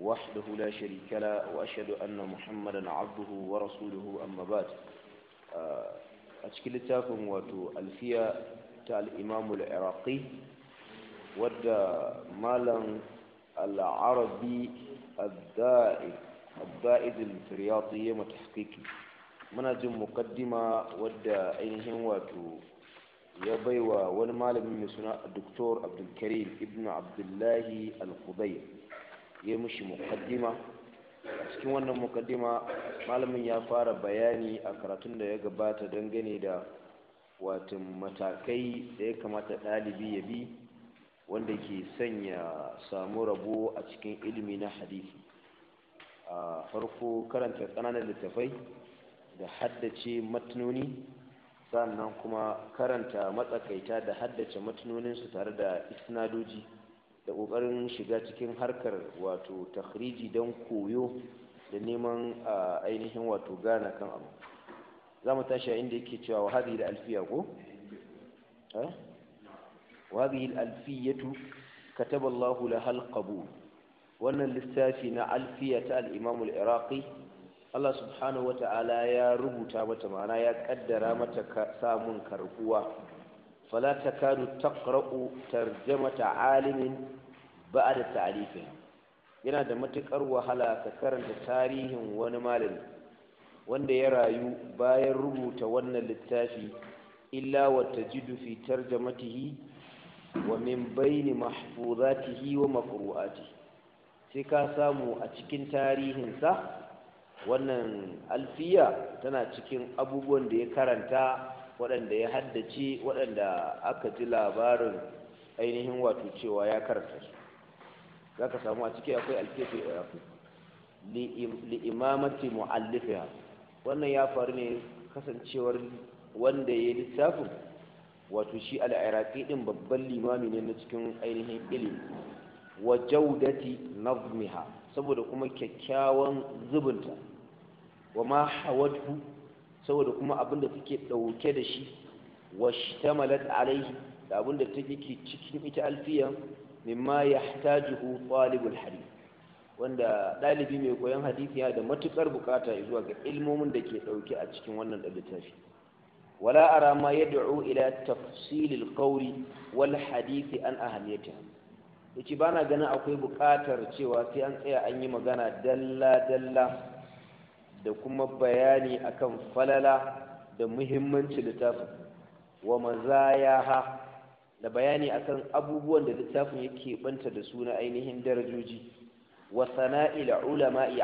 وحده لا شريك له وأشهد أن محمدا عبده ورسوله أما بعد أشكل تاكم واتو ألفية تاع الإمام العراقي ودى مالا العربي الدائد الدائد الفرياطي متحقيقي مناجم مقدمة ودى أينهم واتو ya baiwa wani malamin mai suna Dr. Abdulkarim ibn Abdullahi Al-Qubayr ya mushi mukaddima a cikin wannan mukaddima malamin ya fara bayani a karatun da ya gabata dangane da watan matakai da ya kamata ɗalibi ya bi wanda ke sanya samu rabo a cikin ilimi na hadisi a farko karanta ƙananan littattafai da haddace matanoni sannan kuma karanta matsakaita da haddace matanoninsu tare da isnadoji da ƙoƙarin shiga cikin harkar wato takhriji don koyo da neman ainihin wato gana kan abu za mu tashi a inda yake cewa wahadi da alfiya ko? wahadi da allahu kataballahu lahal qabul wannan littafi na alfiya ta al'imamul iraqi Allah subhanahu wata'ala ya rubuta mata ma'ana ya kaddara mata samun karbuwa فلا تكاد تقرأ ترجمة عالم بعد تعريفه yana da matukar wahala ka karanta tarihin wani malami wanda ya rayu bayan rubuta wannan littafi illa wata jidu fi tarjamatihi wa min bayni mahfuzatihi wa maqru'ati sai ka samu a cikin tarihinsa wannan alfiya tana cikin abubuwan da ya karanta waɗanda ya haddace waɗanda aka ji labarin ainihin wato cewa ya karanta su za ka samu a ciki akwai yaku eh, li'imamati mu'allifiya wannan ya faru ne kasancewar wanda ya littafin wato shi al'iraki din babban limami ne na cikin ainihin ilimi wa jaudati nazmiha saboda kuma kyakkyawan zubinta wa ma hawadhu saboda kuma abin da suke ɗauke da shi washtamalat alaihi da abin da take cikin ita alfiyan mimma yahtajuhu talibul hadith wanda ɗalibi mai koyon hadisi yana da matukar bukata zuwa ga ilmomin da ke ɗauke a cikin wannan littafi wala ara ma yad'u ila tafsilil qawli wal hadisi an ahamiyatiha yace bana ganin akwai bukatar cewa sai an tsaya an yi magana dalla dalla da kuma bayani akan falala da muhimmanci littafin wa mazayaha da bayani akan abubuwan da littafin yake banta da su na ainihin darajoji wa sana'il ulama'i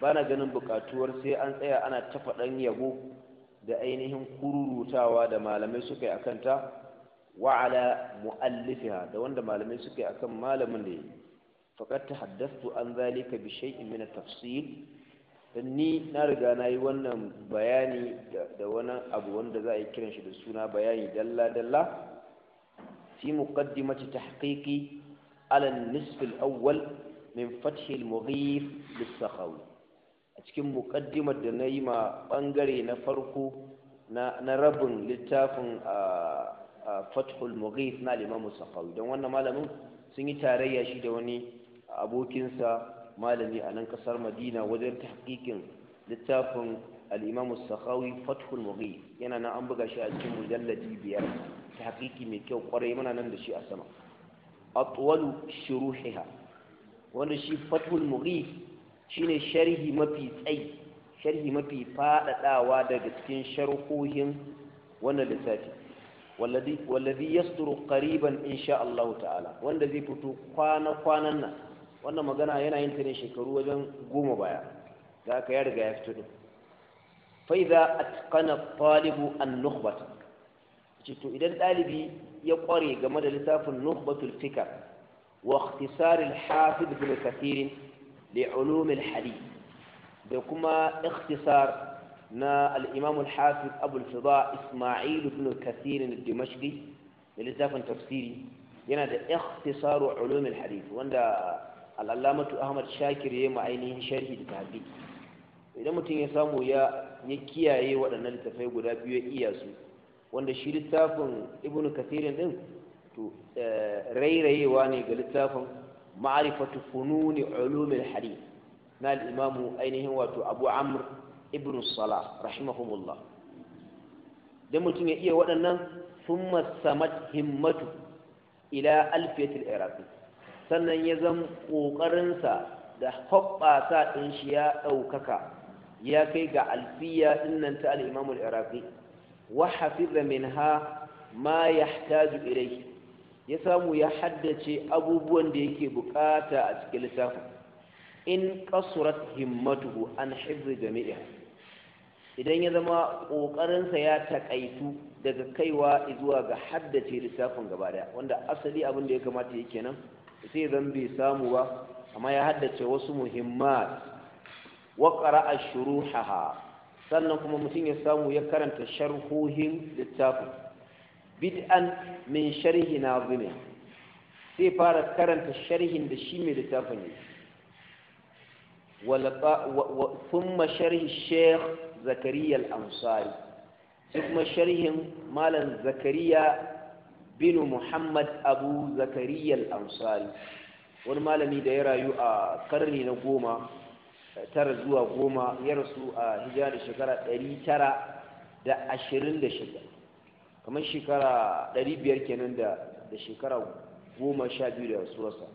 bana ganin buƙatuwar sai an tsaya ana ta faɗan yabo da ainihin kururutawa da malamai suka yi akan ta wa ala mu'allifiha da wanda malamai suka yi akan malamin da yi ta tahaddathtu an zalika bi shay'in min tafsil ni na riga na yi wannan bayani da wani abu wanda za a yi kiran shi da suna bayani dalla-dalla fi muqaddimati tahqiqi ala an-nisf al-awwal min fathi al-mughif lis-sakhawi a cikin muqaddimar da na yi ma bangare na farko na rabin littafin a fathul al-mughif na al-imam sakhawi don wannan malamin sun yi tarayya shi da wani abokinsa malami a nan kasar madina wajen tahqiqin littafin al-imam as-sakhawi fathul yana nan an buga shi a cikin mujalladi biyar tahqiqi mai kyau kwarai muna nan da shi a sama atwalu shuruhiha wanda shi fathul mughib shine sharhi mafi tsayi sharhi mafi fadadawa daga cikin sharhohin wannan littafi wallazi wallazi yasduru qariban insha Allah ta'ala wanda zai fito kwana kwanan nan wannan magana yana yin ta ne shekaru wajen goma baya da ka ya riga ya fito din fa a atqana talibu an nukhbata ce to idan dalibi ya kware game da littafin nukhbatul fikar wa ikhtisar al hafiz ibn kathir li ulum da kuma ikhtisar na alimam al hafiz abu fida isma'il ibn kathir al dimashqi da littafin tafsiri yana da ikhtisaru ulum hadi hadith wanda al'allamatu ahmad shakir ya ma ainihin sharhi da tafi idan mutum ya samu ya kiyaye waɗannan littafai guda biyu iya su wanda shi littafin ibn kathirin din to eh, rairayewa ne ga littafin ma'arifatu fununi ulumil hadith na al-imam ainihin wato abu amr ibn salah rahimahumullah dan mutum ya iya waɗannan thumma samat himmatu ila alfiyatil iraqi sannan ya zama ƙoƙarinsa da hoɓɓasa ɗin shi ya ɗaukaka ya kai ga alfiya ɗinnan ta al'imamul iraki wa hafiza ha ma yahtaju ya samu ya haddace abubuwan da yake buƙata a cikin lissafin in kasurat himmatu an hifzi jami'a idan ya zama ƙoƙarinsa ya taƙaitu daga kaiwa zuwa ga haddace littafin gaba ɗaya wanda asali abin da ya kamata yake nan sai zan bai samu ba amma ya haddace wasu muhimmat wa qara'a haha. sannan kuma mutum ya samu ya karanta sharhohin littafin bid'an min sharhi nazimi sai fara karanta sharhin da shi mai littafin ne ثم شرح الشيخ زكريا الأنصاري ثم sharhin Malam زكريا bin muhammad abu Zakariyar al-ansari wani malami da ya rayu a karni na goma eh, tara zuwa goma ya rasu a hijira da shekara ɗari tara da ashirin da shida kamar shekara ɗari biyar kenan da shekara goma sha biyu da surasa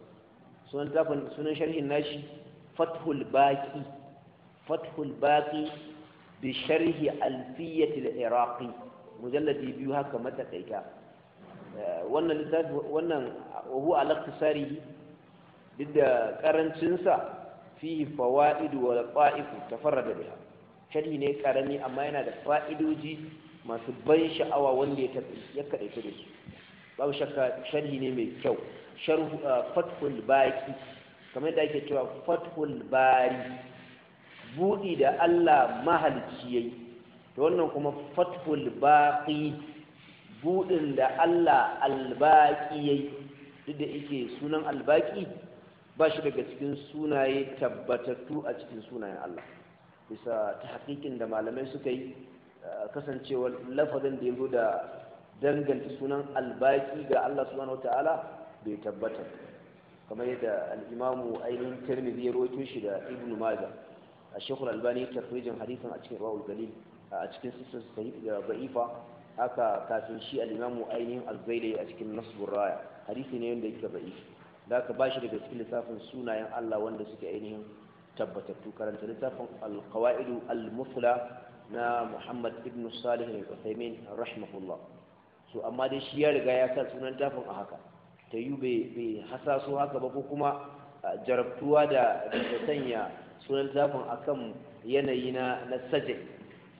sunan sharhin nashi fathul baki fathul baki bi sharhi alfiyatil iraqi mujalladi biyu haka matakaita wannan littafi wannan wahu alaqtisari duk da karancinsa fi fawa'idu wa ta fara da biya sharhi ne karami amma yana da fa'idoji masu ban sha'awa wanda ya tafi ya kada da su babu shakka sharhi ne mai kyau ah, fatful baƙi kamar da ake cewa fathul bari buɗi da Allah mahalicci yayi to wannan kuma fathul baƙi buɗin da Allah albaƙi ya yi duk da yake sunan albaƙi ba shi daga cikin sunaye tabbatattu a cikin sunayen Allah bisa ta haƙiƙin da malamai suka yi kasancewar lafazin da ya zo da danganta sunan albaƙi ga Allah subhanahu ta'ala bai tabbata kamar yadda al'imamu ainihin tirmidhi ya shi da ibn majah a shekul albani tarfijin hadisin a cikin rawul galil a cikin sisar sahih da ba'ifa haka kafin shi al-imamu ainihin al-zaili a cikin nasbur raya hadisi ne wanda yake ba'i da ka bashi daga cikin lissafin sunayen Allah wanda suke ainihin tabbatattu karanta lissafin al-qawaid al-mufla na Muhammad ibn Salih al-Uthaymeen rahimahullah so amma dai shi ya riga ya sa sunan tafin a haka ta yi bai hasaso haka ba ko kuma jarabtuwa da sanya sunan tafin akan yanayi na na sajai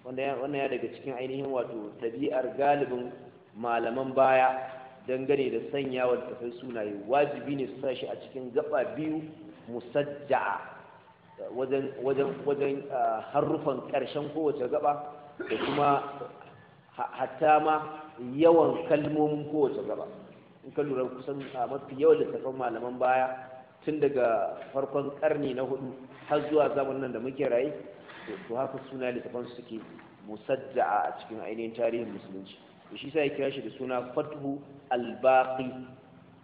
wannan ya daga cikin ainihin wato tabi'ar galibin malaman baya dangane da sanya wa tafai sunaye wajibi ne su sashi a cikin gaba biyu musajja'a wajen wajen wajen harufan karshen kowace gaba da kuma hatta ma yawan kalmomin kowace gaba in ka lura kusan mafi yawan littattafan malaman baya tun daga farkon karni na hudu har zuwa zamanin da muke rayu. to haka suna littafan suke musadda'a a cikin ainihin tarihin musulunci da shi ya kira shi da suna fathu al-baqi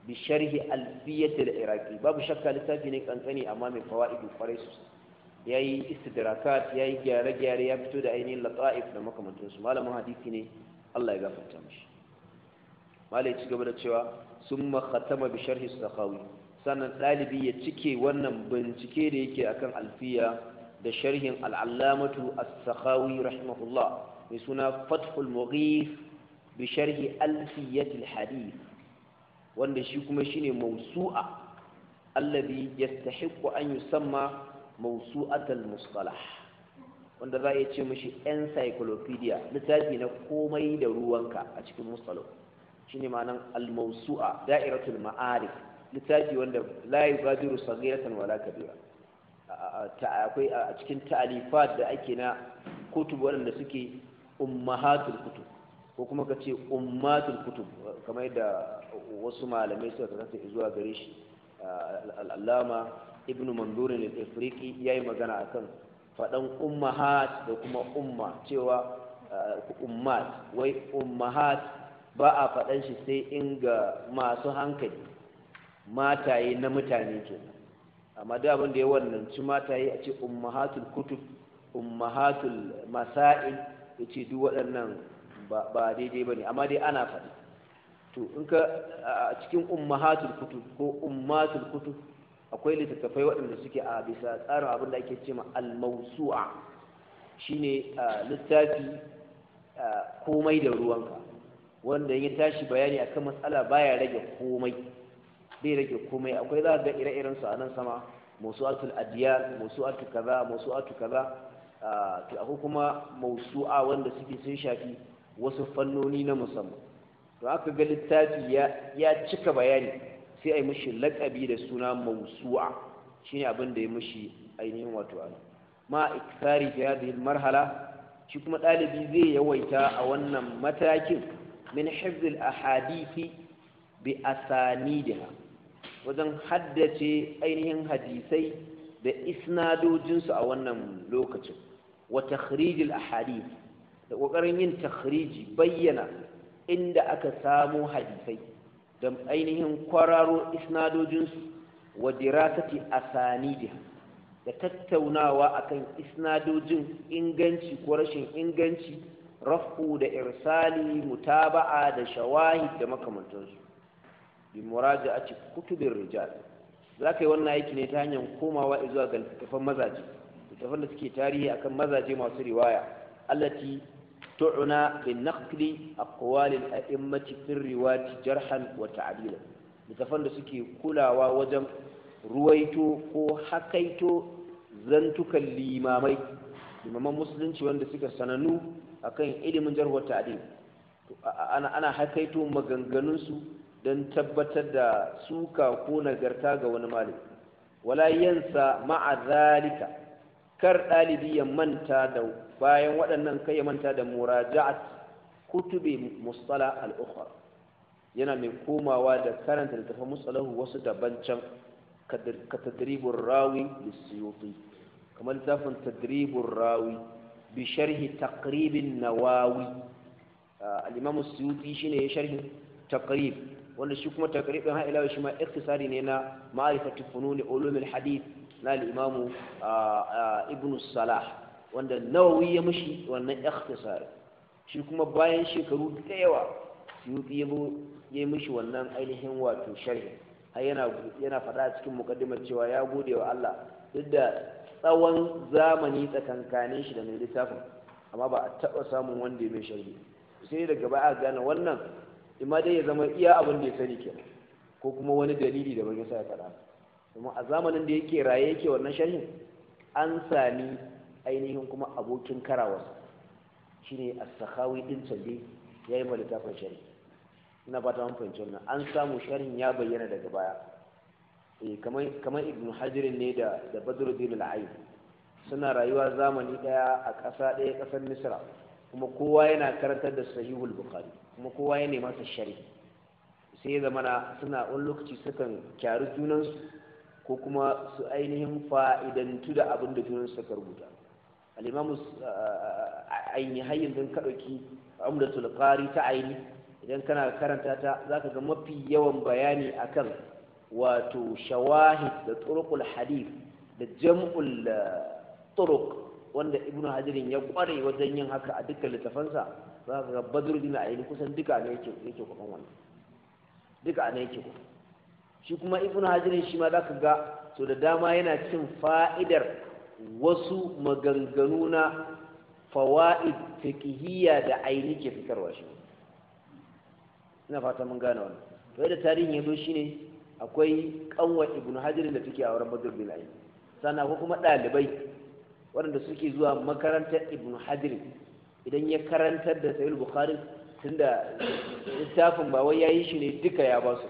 bi sharhi alfiyat al-iraqi babu shakka littafi ne kankani amma mai fawaidu kwarai sosai yayi istidrakat yayi gyare-gyare ya fito da ainihin lata'if da makamantansu malamin hadisi ne Allah ya gafarta mishi malai ci gaba da cewa sun makhatama bi sharhi sakhawi sannan ɗalibi ya cike wannan bincike da yake akan alfiya da sharhin al'allamatu as-sakhawi rahimahullah mai suna fathul mughif bi sharhi alfiyatul hadith wanda shi kuma shine mawsu'a alladhi yastahiqqu an yusamma mawsu'atul mustalah wanda za a ce mishi encyclopedia littafi na komai da ruwanka a cikin mustalah shine ma'anan al-mawsu'a da'iratul ma'arif littafi wanda la yugadiru saghiratan wala kabira akwai a cikin talifat da ake na kutub waɗanda suke ummahatul kutub ko kuma ka ce ummatul kutub kamar da wasu malamai suka kasance zuwa gare shi al'allama ibn mandurin al-afriqi yi magana akan faɗan ummahat da kuma umma cewa ummat wai ummahat ba a faɗan shi sai in ga masu hankali mataye na mutane kenan amma da abin da ya wannanci mata yi a ce ummahatul kutub ummahatul masa'il ya ce duk waɗannan ba daidai ba ne amma dai ana faɗi to in ka a cikin ummahatul kutub ko ummatul kutub akwai littattafai waɗanda suke a bisa tsarin abin da ake ce ma almausu'a shine littafi komai da ruwanka wanda ya tashi bayani a akan matsala baya rage komai bai rage komai akwai za ga ire-iren su a nan sama mawsu'atul adiyar mawsu'atu kaza mawsu'atu kaza to akwai kuma mawsu'a wanda suke sun shafi wasu fannoni na musamman to aka ga littafi ya cika bayani sai a yi mishi lakabi da suna mawsu'a shine abin da ya mushi ainihin wato ana ma iktari fi hadhihi marhala shi kuma ɗalibi zai yawaita a wannan matakin min hifz al ahadisi bi asanidiha wajen haddace ainihin hadisai da isnadojinsu a wannan lokacin wa takhrijil ahadith da ƙoƙarin yin takhriji bayyana inda aka samo hadisai da ainihin kwararo isnadojinsu wa dirasati asanidiha da tattaunawa akan isnadojin inganci ko rashin inganci raf'u da irsali mutaba'a da shawahid da makamantansu bi muraja'ati kutubir rijal ka yi wannan aiki ne ta hanyar komawa zuwa ga littafan mazaje littafan da suke tarihi akan mazaje masu riwaya allati tu'na bin naqli aqwal al a'immati fi riwayat jarhan wa ta'dila littafan da suke kulawa wajen ruwaito ko hakaito zantukan limamai limaman musulunci wanda suka sananu akan ilimin jarhu wa ta'dil ana ana hakaito maganganunsu don tabbatar da suka ko nagarta ga wani malami wala yansa ma'a zalika kar ɗalibi ya manta da bayan waɗannan kai ya manta da muraja'at kutubi mustala al yana mai komawa da karanta littafin mustalahu wasu daban can ka tadribur rawi lisuyuti kamar littafin tadribur rawi bi sharhi taqribin nawawi ah, al-imam suyuti shine ya sharhi taqrib wanda shi kuma takaribin ha ilawa shi ma iktisari ne na ma'rifatu fununi ulumul hadith na al-imam ibn salah wanda nawawi ya mishi wannan iktisari shi kuma bayan shekaru da yawa suyuti ya yi mishi wannan ainihin wato sharhi har yana yana faɗa cikin mukaddimar cewa ya gode wa Allah duk da tsawon zamani tsakankanin shi da mai littafin amma ba a taɓa samun wanda ya mai sharhi sai daga baya gane wannan imma dai ya zama iya abin da ya sani ke ko kuma wani dalili da bai sa ya kuma a zamanin da yake raye yake wannan sharhin an sami ainihin kuma abokin karawar shine as-sakhawi din tabi yayi ma littafin sharhi ina fata mun fahimci wannan an samu sharhin ya bayyana daga baya eh kamar kamar ibn hajar ne da da badruddin al-ayn suna rayuwa zamani daya a ƙasa ɗaya ƙasar misra kuma kowa yana karantar da sahihul bukhari kuma kowa ya nema sa shari'i sai zama na suna wani lokaci sukan kyaru junansu ko kuma su ainihin fa'idantu da abin da junansu suka rubuta al'imamu uh, aini har yanzu ka ɗauki qari ta aini idan kana karanta ta za ka ga mafi yawan bayani akan wato shawahid da turuqul hadith da jam'ul uh, turuq wanda ibnu hajirin ya kware wajen yin haka a dukkan littafansa za ka ga badruddin ayyubi kusan duka ne yake yake kwakan wannan duka ne yake kwakan shi kuma ibnu hajirin shi ma za ka ga to da dama yana cin fa'idar wasu maganganu na fawa'id fiqhiyya da aini ke fitarwa shi ina fata mun gane wannan to da tarihin yazo shine akwai kanwa ibnu hajirin da take a wurin badr bin aini sannan ko kuma ɗalibai. waɗanda suke zuwa makarantar ibn hadir idan ya karantar da sayul bukhari da littafin ba wai yi shi ne duka ya ba su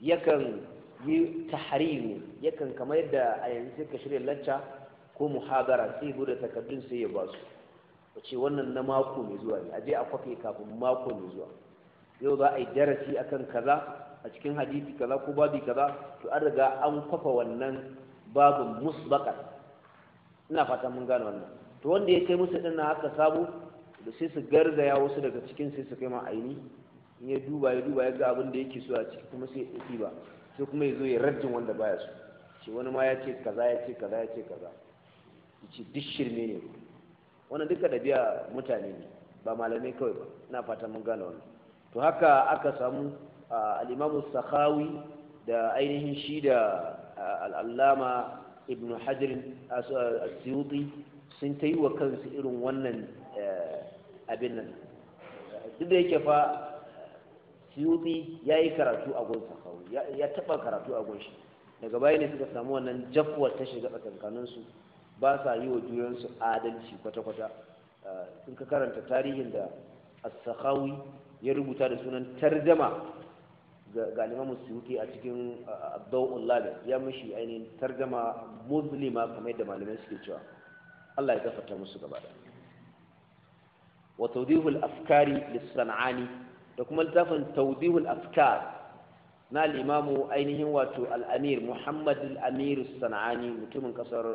yakan yi tahriri yakan kamar yadda a yanzu sai ka shirya lacca ko muhabara sai bude takardun sai ya ba su wace wannan na mako mai zuwa ne aje a kwafe kafin mako mai zuwa yau za a yi darasi akan kaza a cikin hadisi kaza ko babi kaza to an riga an kwafa wannan babin musbaqat ina fata mun gane wannan to wanda ya kai musu din na haka sabu da sai su garzaya wasu daga cikin sai su kai ma aini in ya duba ya duba ya ga abin da yake so a ciki kuma sai ya ɗauki ba sai kuma ya zo ya rajin wanda baya so shi wani ma ya ce kaza ya ce kaza ya ce kaza ya ce duk shirme ne wannan duka ɗabi'a mutane ne ba malamai kawai ba ina fata mun gane wannan to haka aka samu al'imamu sakhawi da ainihin shi da al'allama ibn hajjirin asiyuti uh, sun ta yi wa kansu irin wannan eh, abin nan duk da yake fa siyuti ya yi karatu a gun ya taɓa karatu a gun daga baya ne suka samu wannan jafwar ta shiga tsakankaninsu ba sa yi wa juyansu adalci kwata-kwata sun eh, ka karanta tarihin da as ya rubuta da sunan tarjama ga limamu suyuti a cikin abdawul labir ya mushi ainihin targama muslima kamar yadda malamai suke cewa Allah ya gafarta musu gaba da wa tawdihul afkari lis da kuma littafin taudihul afkar na limamu ainihin wato al-amir Muhammad al-amir mutumin kasar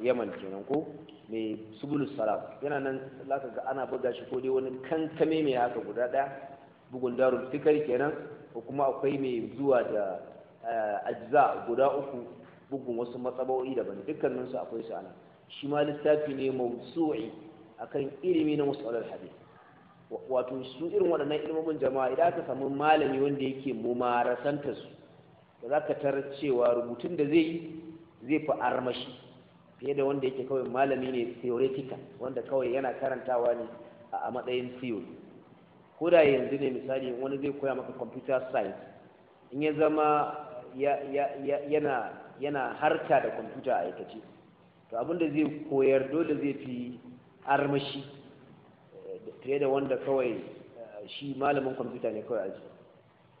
Yaman kenan ko mai subulus salam yana nan ka ga ana buga shi ko dai wani kankame mai haka guda daya bugun darul fikari kenan ko kuma akwai mai zuwa da eh, ajza guda uku bugun wasu matsabawoyi daban dukkaninsu akwai su ana shi ma littafi ne mawsu'i akan ilimi na musalar hadith wato su irin waɗannan ilimin jama'a idan aka samu malami wanda yake mumarasanta su da za ka cewa rubutun da zai yi zai fi armashi fiye da wanda yake kawai malami ne theoretical wanda kawai yana karantawa ne a matsayin theory ko da yanzu ne misali wani zai koya maka computer science in ya zama yana yana harka da kwamfuta a aikace to abinda zai koyar dole zai fi armashi eh, fiye da wanda kawai eh, shi malamin kwamfuta ne kawai aji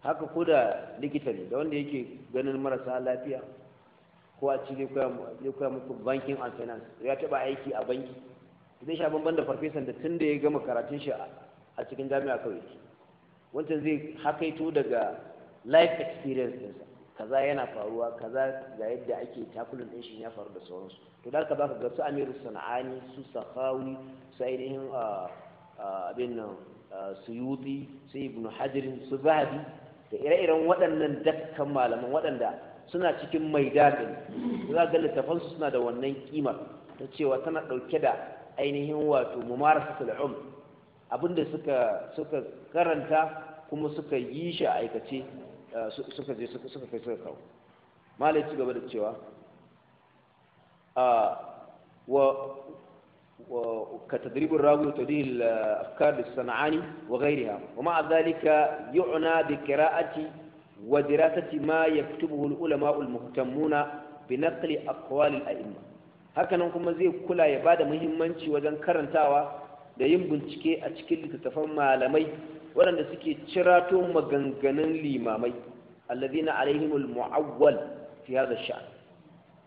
haka ko da likita ne da wanda yake ganin marasa lafiya ko a ci zai koya muku banking and ya taba aiki a banki zai sha banban da farfesan da tun da ya gama karatun shi a cikin jami'a kawai wancan zai hakaito daga life experience ɗinsa kaza yana faruwa kaza ga yadda ake takulun ɗin shi ya faru da sauransu to da ka baka ga su amiru sana'ani su sahawi su ainihin ah, ah, abin nan ah, su yuti su hajirin su zahabi da ire-iren waɗannan dakkan malaman waɗanda suna cikin mai daɗin za ga littafansu suna da wannan kimar ta cewa tana ɗauke da ainihin wato mumarasa sul'um abin da suka suka karanta kuma suka yi shi a aikace eh, suka je kai suka kawo malai ci gaba da cewa ah, wa ka tadribin ragu ta dihi eh, afkar da sana'ani wa gairi ha wa ma'a zalika yu'na bi kira'ati wa dirasati ma ya fitubu hul ulama ul muhtammuna bi naqli aqwalil a'imma hakanan kuma zai kula ya bada muhimmanci wajen karantawa da yin bincike a cikin littattafan malamai waɗanda suke cirato maganganun limamai allazina alaihimul mu'awwal fi hadha sha'n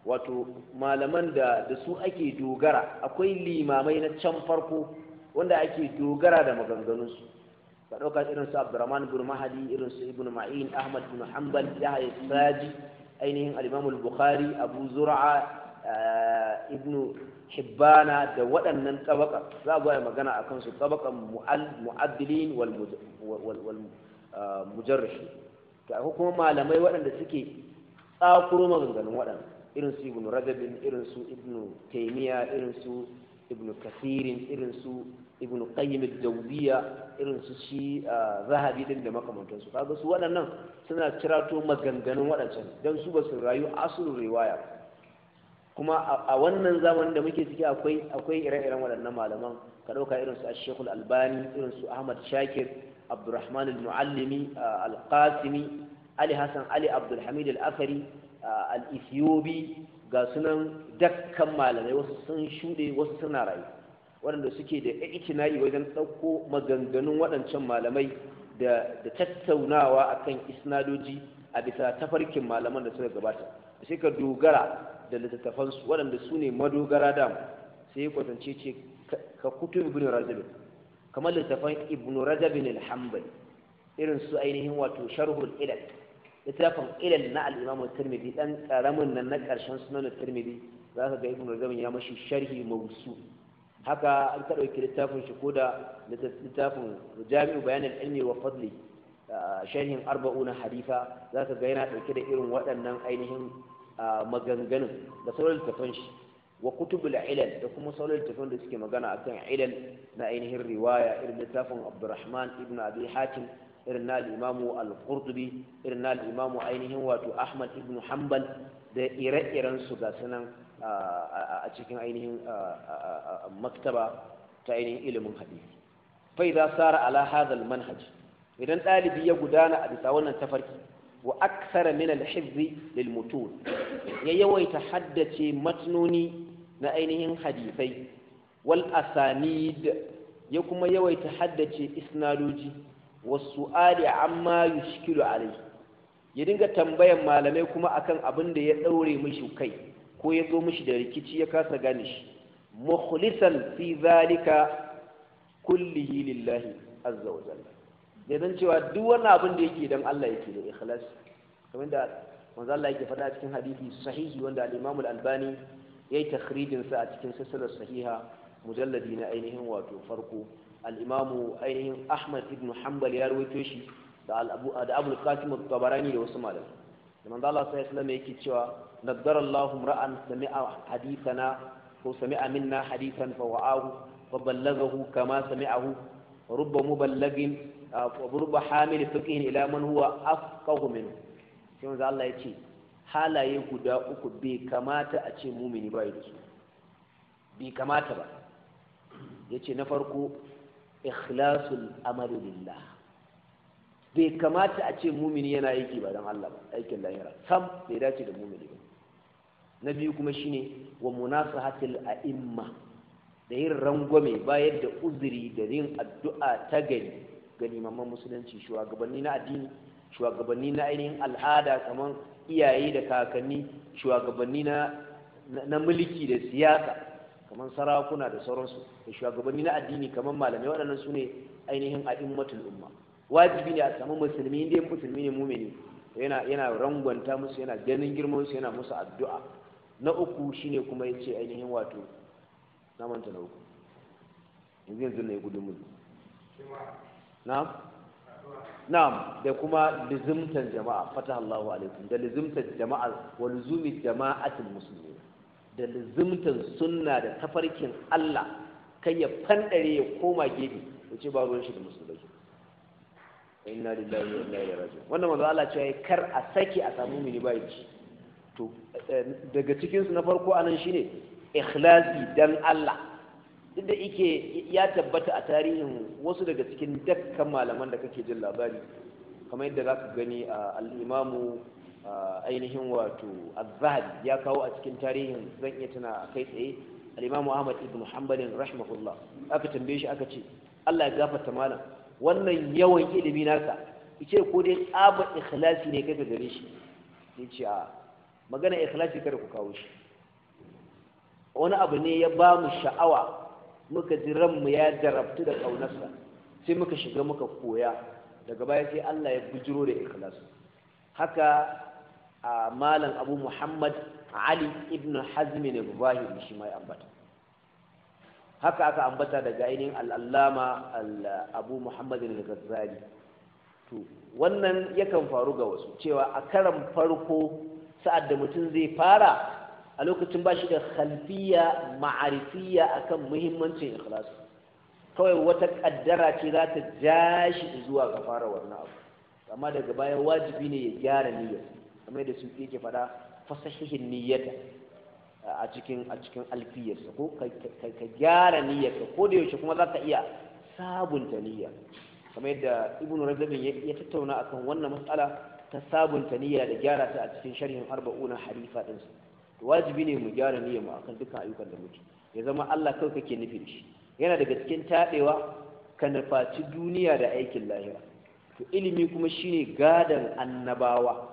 wato malaman da da su ake dogara akwai limamai na can farko wanda ake dogara da maganganunsu ka ɗauka irin su abdurrahman bin Mahdi, irin su ibn ma'in ahmad bin hanbal yahya saji ainihin al-imam al-bukhari abu zur'a ibnu hibbana da waɗannan tabaka za a magana a kansu tabakan mu'addilin wal mujarrashi ta kuma malamai waɗanda suke tsakuro maganganun waɗanda irin su ibnu rajabin irin su ibnu taymiya irin su ibnu kasirin irin su ibnu qayyim ad-dawbiya irin su shi zahabi din da makamantan su kaga su waɗannan suna cirato maganganun waɗancan dan su ba su rayu asulul riwaya kuma a wannan zamanin da muke ciki akwai akwai ire-iren waɗannan malaman ka ɗauka irin su Ashekul Albani irin su Ahmad Shakir Abdurrahman al-Muallimi uh, al-Qasimi Ali Hassan Ali Abdul al afari uh, al ethiopi ga sunan dakkan malamai wasu sun shuɗe wasu suna rayu waɗanda suke da ikinayi wajen ɗauko maganganun waɗancan malamai da tattaunawa akan isnadoji a bisa tafarkin malaman da suka gabata sai ka dogara da littattafansu waɗanda su ne madogara da sai kwatance ce ka kutu ibn rajab kamar littafan ibn rajab al irin su ainihin wato sharhul ilal littafin ilal na al-imam ɗan tirmidhi dan karamin nan na karshen sunan at-tirmidhi zaka ga ibn rajab ya mashi sharhi mawsu haka an ka dauki littafin shi ko da littafin jami'u bayan al-ilmi wa fadli sharhin arba'una hadifa zaka ga yana dauke da irin waɗannan ainihin maganganun da sauran littafan shi wa kutubul ilal da kuma sauran littafan da suke magana akan ilal na ainihin riwaya irin littafin abdurrahman ibn abi hatim irin na al-imamu al-qurtubi irin na al-imamu ainihin wato ahmad ibn hanbal da ire-iren su ga sanan a cikin ainihin maktaba ta ainihin ilimin hadisi fa idza sara ala hadha al-manhaj idan dalibi ya gudana a bisa wannan tafarki wa aksara min al-hifzi lil mutun ya yawaita haddace matnoni na ainihin hadisai wal asanid ya kuma yawaita haddace isnadoji a amma yushkilu alai ya dinga tambayan malamai kuma akan abin da ya daure mishi kai ko ya zo mashi da rikici ya kasa gane shi mukhlisan fi zalika kullihi lillahi azza da zan cewa duk wani abin da yake don Allah yake da ikhlas kamar da manzo Allah yake faɗa cikin hadisi sahihi wanda al-Imam al-Albani yayi takhrijin sa a cikin silsilar sahiha mujalladi na ainihin wato farko al-Imam ainihin Ahmad ibn Hanbal ya rawaito shi da al-Abu da Abu al-Qasim al-Tabarani da wasu malamai manzo Allah sallallahu alaihi yake cewa naddara Allahu ra'an sami'a hadithana ko sami'a minna hadithan fa wa'ahu fa ballaghahu kama sami'ahu rubba muballighin ƙwaburba hamil fiqhin ila man huwa afqahu min shi wanzu Allah ya ce halaye guda uku bai kamata a ce mumini ba da su bai kamata ba Ya ce na farko ikhlasul amali lillah bai kamata a ce mumini yana aiki ba don Allah ba aikin lahira sam bai dace da mumini ba na biyu kuma shine wa munasahatil a'imma da yin rangwame bayar da uzuri da yin addu'a ta gari ga limaman musulunci shugabanni na addini shugabanni na ainihin al'ada kamar iyaye da kakanni shugabanni na mulki da siyasa kamar sarakuna da sauransu da shugabanni na addini kamar malamai waɗannan su ne ainihin a'immatul umma wajibi ne a samu musulmi inda musulmi ne mumini yana yana rangwanta musu yana ganin girman su yana musu addu'a na uku shine kuma yace ainihin wato na manta na uku yanzu yanzu ne gudun mu na'am na'am da kuma lizimtan jama'a fataha Allahu alaikum da lizimtan jama'a wa luzumi jama'atul muslimin da lizimtan sunna da tafarkin Allah kai ya fandare ya koma gefe ya ce ba ruwan shi da musulmai inna lillahi wa inna ilaihi raji'un wannan manzo Allah ce kar a saki a samu mini bai ci to eh, daga cikin su na farko anan shine ikhlasi dan Allah duk da ya tabbata a tarihin wasu daga cikin dakkan malaman da kake jin labari kamar yadda za ka gani a al'imamu ainihin wato azhar ya kawo a cikin tarihin zan iya tana a kai tsaye al'imamu ahmad ibn muhammadin rahimahullah aka tambaye shi aka ce allah ya gafarta malam wannan yawan ilimi nasa ice ko dai tsabar ikhlasi ne kai gare shi ya ce a magana ikhlasi kada ku kawo shi wani abu ne ya ba mu sha'awa muka ji ranmu ya jarabtu da ƙaunarsa sai muka shiga muka koya daga baya sai Allah ya bujiro da ikhlas haka a malam Abu Muhammad Ali ibn Hazm ne Zahiri shi mai ambata haka aka ambata daga ainihin al-Allama Abu Muhammad al-Ghazali to wannan yakan faru ga wasu cewa a karan farko sa'ad da mutum zai fara a lokacin ba shi da khalfiya ma'arifiya akan muhimmancin ikhlas kawai wata kaddara ce za ta ja shi zuwa ga fara wannan abu amma daga baya wajibi ne ya gyara niyyar kamar yadda su yake faɗa fasahihin niyyata a cikin a cikin alfiyarsa ko ka gyara niyyarka ko da yaushe kuma za ka iya sabunta niyya kamar yadda ibn rajabin ya tattauna akan wannan matsala ta sabunta niyya da gyara ta a cikin sharhin arba'una harifa ɗinsa wajibi ne mu gyara niyyar mu akan dukkan ayyukan da muke ya zama Allah kawai kake nufi da shi yana daga cikin tadewa ka nufaci duniya da aikin lahira to ilimi kuma shine gadan annabawa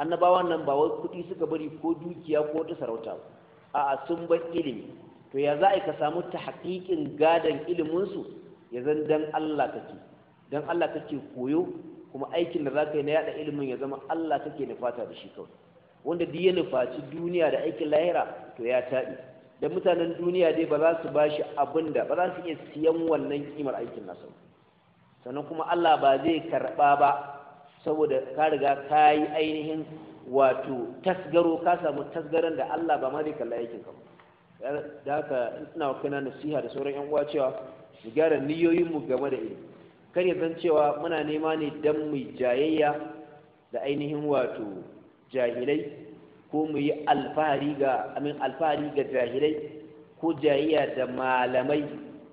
Annabawa nan ba wai kuɗi suka bari ko dukiya ko wata sarauta ba a'a sun bar ilimi to ya za a ka samu ta haƙiƙin gadon iliminsu ya zan dan Allah kake dan Allah kake koyo kuma aikin da za ka yi na yaɗa ilimin ya zama Allah kake nufata da shi kawai wanda duk ya nufaci duniya da aikin lahira to ya taɗi da mutanen duniya dai ba za su ba shi abin da ba za su iya siyan wannan kimar aikin nasa sannan kuma Allah ba zai karɓa ba saboda ka riga ka yi ainihin wato tasgaro ka samu tasgaran da Allah ba ma zai kalla aikin ka da haka ina wa kana nasiha da sauran yan uwa cewa mu gyara niyoyin game da ilimi kar ya zan cewa muna nema ne dan mu jayayya da ainihin wato jahilai ko mu yi alfahari ga amin alfahari ga jahilai ko jahiya da malamai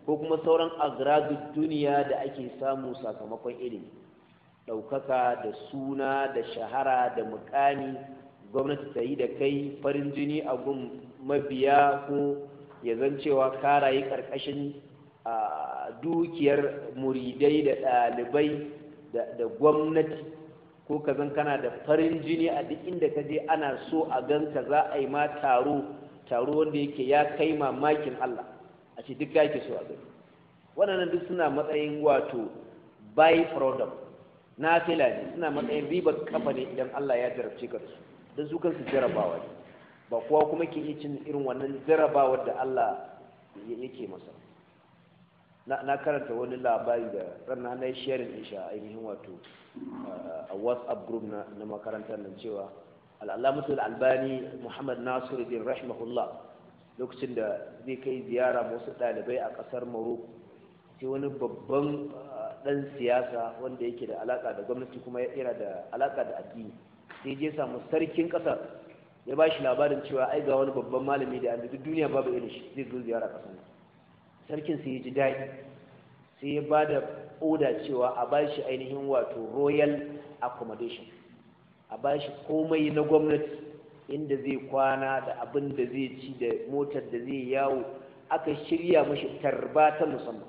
ko kuma sauran agradun duniya da ake samu sakamakon ilimi ɗaukaka da suna da shahara da mukami gwamnati ta yi da kai farin jini a gun mabiya ko ya zan cewa karaye ƙarƙashin ah, dukiyar muridai da ɗalibai da gwamnati ko ka zan kana da farin jini a duk inda ka je ana so a gan ka, za a yi ma taro taro wanda yake ya kai mamakin Allah a ce duk yake so a gani waɗannan duk suna matsayin wato by product na fila ne suna matsayin ribar kafa ne idan Allah ya jarabce ka su don su kansu jarabawa ne ba kowa kuma ke iya cin irin wannan jarabawar da Allah yake masa na karanta wani labari da ranar na sharing insha ainihin wato a whatsapp group na makarantar nan cewa al'alamatul albani muhammad nasiru bin rahimahullah lokacin da zai kai ziyara wasu ɗalibai a ƙasar maroko sai wani babban ah, ɗan siyasa wanda yake da alaƙa da gwamnati kuma yana da alaƙa da addini sai je samu sarkin ƙasar ya ba shi labarin cewa ai ga wani babban malami da an duk duniya babu irin shi zai zo ziyara ƙasar sarkin sai ya ji daɗi sai ya ba da oda cewa a bashi ainihin wato royal accommodation a bashi komai na gwamnati inda zai kwana da abin da zai ci da motar da zai yawo aka shirya mashi tarba ta musamman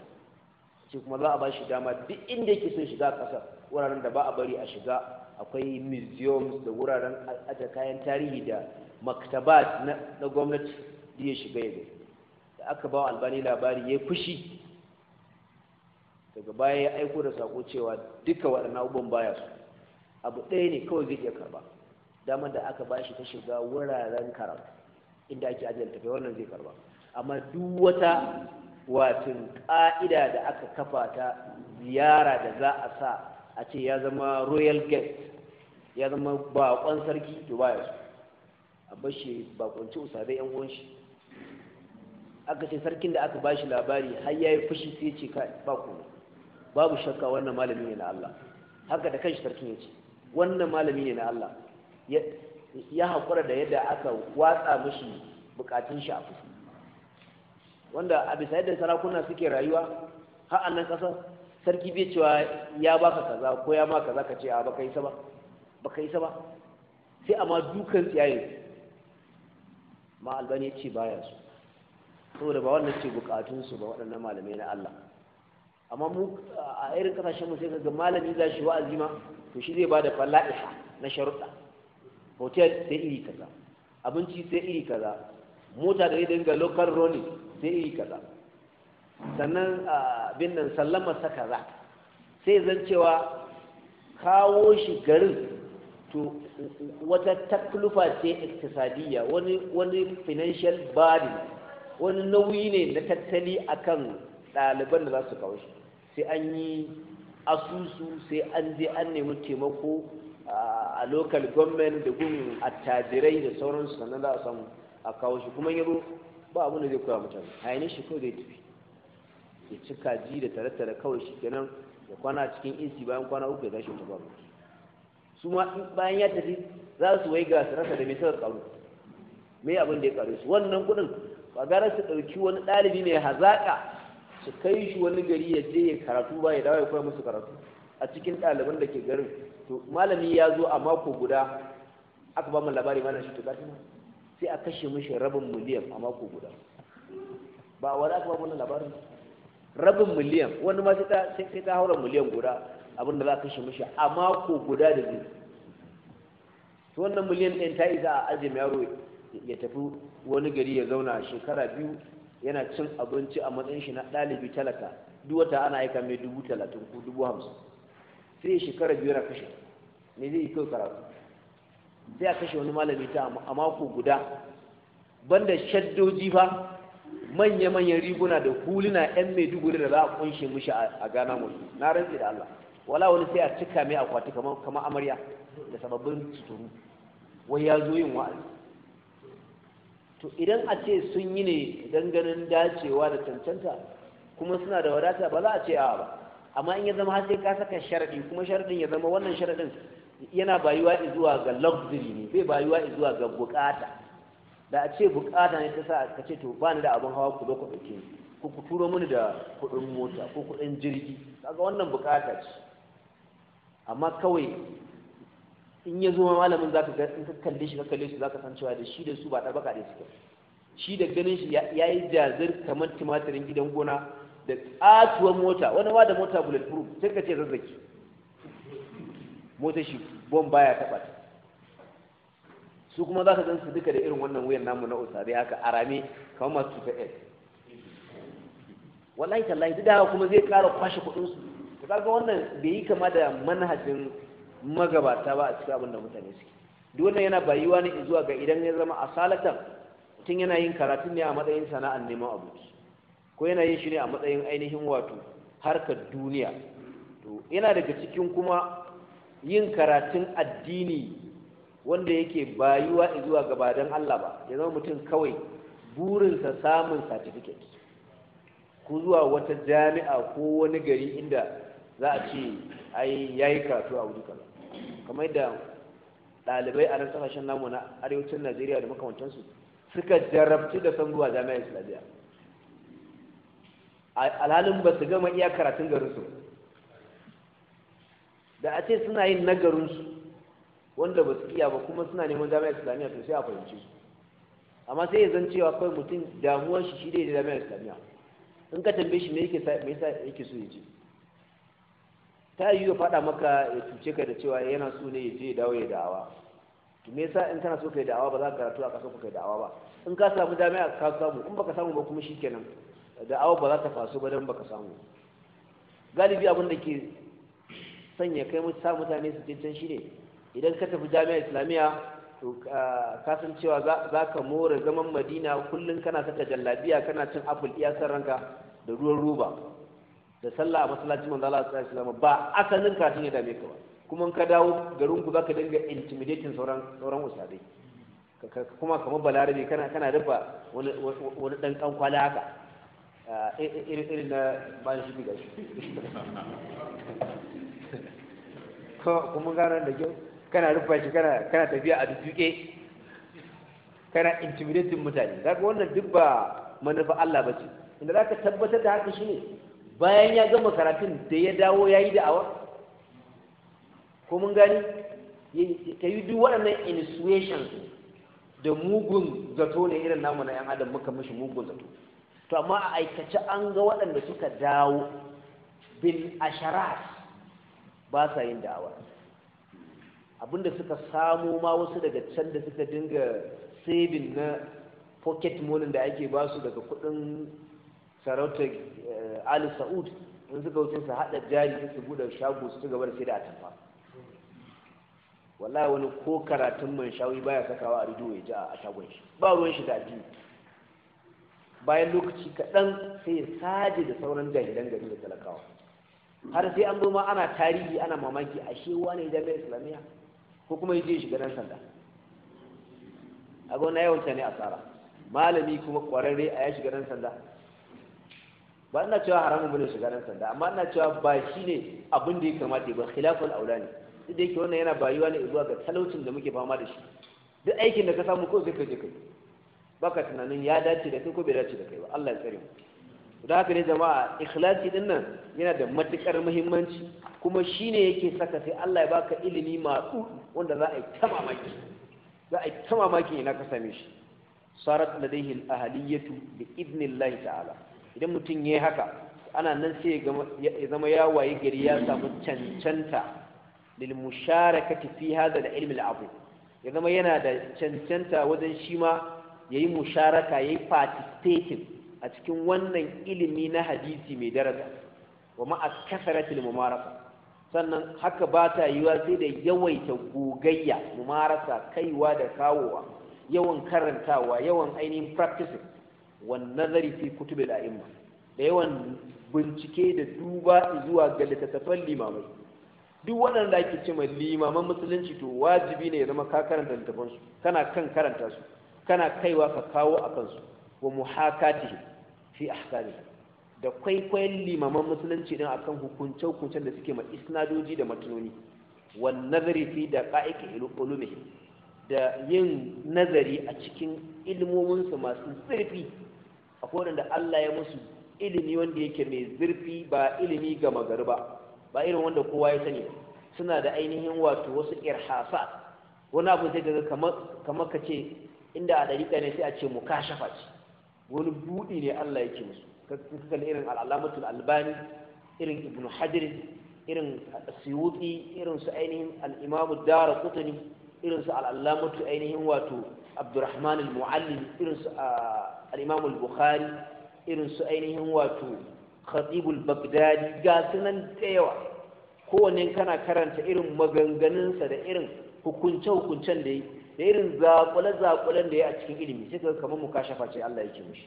ce kuma za a bashi dama duk inda yake son shiga ƙasar wuraren da ba a bari a shiga akwai museums da wuraren aje kayan tarihi da maktabat na gwamnati da ya shiga yanzu da aka ba albani labari ya fushi daga baya ya aiko da sako cewa duka waɗannan abubuwan baya su abu ɗaya ne kawai zai iya karba damar da aka bashi ta shiga wuraren karatu inda ake ajiyar tafi wannan zai karba amma duk wata watin ƙa'ida da aka kafa ta ziyara da za a sa a ce ya zama royal guest ya zama bakon sarki to baya su a bashi bakonci usabe yan uwan shi aka ce sarkin da aka bashi labari har ya yi fushi sai ce ka ba babu shakka wannan malami ne na Allah haka da kanshi sarkin ya ce wannan malami ne na Allah ya haƙura da yadda aka watsa mashi bukatun shi a fuska wanda a bisa yadda sarakuna suke rayuwa har nan ƙasa sarki bai cewa ya baka kaza ko ya ma kaza ka ce a baka yi ba baka yi ba sai amma dukan tsiyayen ma albani ce baya su saboda ba wannan ce bukatunsu ba waɗannan malamai na Allah amma mu a irin kasashen mu sai ga malami za shi wa'azi ma to shi zai bada fala'iha na sharuɗa hotel sai iri kaza abinci sai iri kaza mota da idan ga local running sai iri kaza sannan abin nan sallama sa kaza sai zan cewa kawo shi garin to wata taklufa ce iktisadiyya wani wani financial body wani nauyi ne na tattali akan ɗaliban da za su kawo shi sai an yi asusu sai an je an nemi taimako a local government da gumin attajirai da sauransu sannan za a samu a kawo shi kuma yaro ba abin da zai koya mutum hayanin shi kawai zai tafi ya ci kaji da tare-tare kawai shi kenan da kwana cikin isi bayan kwana uku ya tashi ba su ma bayan ya tafi za su wai ga su rasa da mai suka karu me abin da ya karu su wannan kuɗin ba gara su ɗauki wani ɗalibi mai hazaƙa su kai shi wani gari ya je ya karatu ba ya dawo ya koya musu karatu a cikin ɗaliban da ke garin to malami ya zo a mako guda aka ba mu labari malam shi to sai a kashe mishi rabin miliyan a mako guda ba wani aka ba mu labarin rabin miliyan wani ma sai ta haura miliyan guda abin da za a kashe mishi a mako guda da zai to wannan miliyan ɗin ta isa a ajin yaro ya tafi wani gari ya zauna shekara biyu yana cin abinci a matsayin shi na ɗalibi talaka duk wata ana aika mai dubu talatin ko dubu hamsin sai shekara biyar a kashe me zai yi kai karatu sai a kashe wani malami ta a mako guda banda shaddoji fa manya-manyan riguna da huluna 'yan maiduguri da za a kunshe mushi a gana mutu na rantsi da Allah wala wani sai a cika mai akwati kamar amarya da sababbin suturu wai ya zo yin wa'azi to idan a ce sun yi ne ganin dacewa da cancanta kuma suna da wadata ba za a ce a ba amma in ya zama har sai ka saka sharaɗi kuma sharaɗin ya zama wannan sharaɗin yana bayuwa zuwa ga luxury ne bai bayuwa zuwa ga bukata da a ce bukata ne ta sa ka ce to ba ni da abin hawa ku zo ku ku turo mini da kuɗin mota ko kuɗin jirgi kaga wannan bukata ce amma kawai in ya zo malamin za ga in ka kalle shi ka kalle shi za ka san cewa da shi da su ba da baka da suke shi da ganin shi ya yi jazir kamar tumatirin gidan gona da tsatuwar mota wani ma da mota bulletproof sai ka ce zazzaki mota shi bom baya taba ta su kuma za ka su duka da irin wannan wuyan namu na usare haka arame kamar masu tuka el wallahi tallahi duk da kuma zai kara kwashe kuɗin su ka ga wannan bai yi kama da manhajin magabata ba a cikin abin da mutane suke duk yana bayuwa ne zuwa ga idan ya zama asalatan mutum yana yin karatu ne a matsayin sana'ar neman abinci ko yana yin shi ne a matsayin ainihin wato harkar duniya to yana daga cikin kuma yin karatun addini wanda yake bayuwa zuwa gaba don Allah ba ya zama mutum kawai burinsa samun certificate ko zuwa wata jami'a ko wani gari inda za a ce ai yayi karatu a wuri kaza kamar yadda ɗalibai a nan kasashen namu na arewacin najeriya da makamantansu suka jarabci da san zuwa jami'ar islamiyya alhalin ba su gama iya karatun garinsu da a ce suna yin na garinsu wanda ba su iya ba kuma suna neman jami'ar islamiyya to sai a fahimci su amma sai ya zan cewa kawai mutum damuwar shi shi dai da jami'ar islamiyya in ka tambaye shi me yake sa yake so ya ce ta yi yi faɗa maka ya cuce ka da cewa yana so ne ya je ya dawo ya da'awa to me yasa in kana so kai da'awa ba za ka karatu a ƙasar ku kai da'awa ba in ka samu jami'a ka samu in baka samu ba kuma shikenan da'awa ba za ta faso ba ba baka samu galibi abin da ke sanya kai sa mutane su je can shine idan ka tafi jami'a islamiyya to ah, cewa za ka more zaman madina kullum kana saka jallabiya kana cin apple iya san ranka da ruwan roba da sallah a masallacin manzo Allah sallallahu alaihi wasallam ba asalin kafin ya dame ka ba kuma in ka dawo garin ku zaka dinga intimidating sauran sauran usadai kuma kamar balarabe kana kana rufa wani wani dan kwala haka ah, irin na bayan shi ga shi kuma gano da kyau kana rufa shi kana kana tafiya a duke kana intimidating mutane zaka wannan duk ba manufa Allah bace inda zaka tabbatar da haka shi ne. bayan ya gama karatun da ya dawo ya yi da'awar ko mun gani Ka yi duk waɗannan insuations da mugun zato ne irin namu na 'yan adam muka mashi mugun zato to amma a aikace an ga waɗanda suka dawo bin ashara ba sa yin da'awa abinda suka samo ma wasu daga can da suka dinga saving na pocket money da ake ba su daga kuɗin sarauta eh, ali sa'ud in suka wuce su haɗa jari su buɗe shago su ci gaba da sai da atamfa wallahi wani ko karatun man shawi baya sakawa a rido ya ji a shagon shi ba ruwan shi da addini bayan lokaci kaɗan sai ya saje da sauran jahilan gari da talakawa har sai an ma ana tarihi ana mamaki ashe wani idan jami'ar islamiyya ko kuma ya je shiga nan sanda a gona yawan ne asara malami kuma kwararre a ya shiga nan sanda ba ina cewa haramun bane shiga nan sanda amma ina cewa ba shi ne abin da ya kamata ba khilaful aula ne duk da yake wannan yana bayuwa ne zuwa ga talaucin da muke fama da shi duk aikin da ka samu ko zai kaje kai baka tunanin ya dace da kai ko bai dace da kai ba Allah ya tsare mu da haka ne jama'a ikhlasi din nan yana da matukar muhimmanci kuma shine yake saka sai Allah ya baka ilimi matsu wanda za a yi ta mamaki za a yi ta mamaki ina ka same shi sarat ladaihi al-ahliyatu bi idnillahi ta'ala idan mutum ya yi haka ana nan sai ya zama ya wayi gari ya samu cancanta lil musharakati fi hadha al ilm abu ya zama yana da cancanta wajen shi ma yayi musharaka yayi participating a cikin wannan ilimi na hadisi mai daraja wa ma'a kasaratil mumarasa sannan haka ba ta yiwa sai da yawaita gogayya mumarasa kaiwa da kawowa yawan karantawa yawan ainihin practicing wan nazari fi kutubil a'imma da yawan bincike da duba zuwa ga littattafan limamai duk wannan da ake ce limaman musulunci to wajibi ne ya zama ka karanta su kana kan karanta su kana kaiwa ka kawo a kansu wa muhakati fi ahkami da kwaikwayon limaman musulunci din akan hukunce hukuncen da suke ma isnadoji da matunoni wan nazari fi da qa'iqi ulumihi da yin nazari a cikin ilmominsu masu zurfi akwai wanda Allah ya musu ilimi wanda yake mai zurfi ba ilimi ga magari ba ba irin wanda kowa ya sani suna da ainihin wato wasu irhasa wani abu zai daga kamar ka ce inda a dariƙa ne sai a ce mukashafa ce wani buɗi ne Allah yake musu kakan irin al'alamatul albani irin ibnu hajar irin suyuti irin su ainihin al'imamu dara kutani irin su al'allamatu ainihin wato abdurrahman al-mu'allim irin su ah, Alimamul Buhari, al irin su ainihin wato khatibul bagdadi ga sunan da yawa kowanne kana karanta irin maganganunsa da irin hukunce-hukuncen da yi da irin zaƙule-zaƙulen da ya a cikin ilimi sai ka kamar shafa ce Allah yake mushi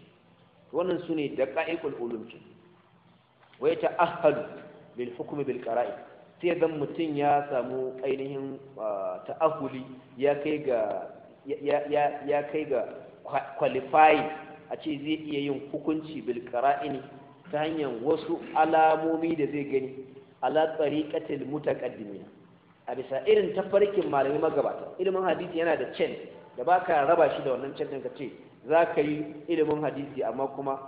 wannan su ne da ƙa'iƙul ulumci wai ta ahalu bil hukumi bil qara'i sai zan mutum ya samu ainihin ta'ahuli ya kai ga ya a ce zai iya yin hukunci bilkara ini ta hanyar wasu alamomi da zai gani ala muta mutaqaddimin a bisa irin tafarkin malami magabata ilimin hadisi yana da can da ba ka raba shi da wannan chain ɗin ka ce zaka yi ilimin hadisi amma kuma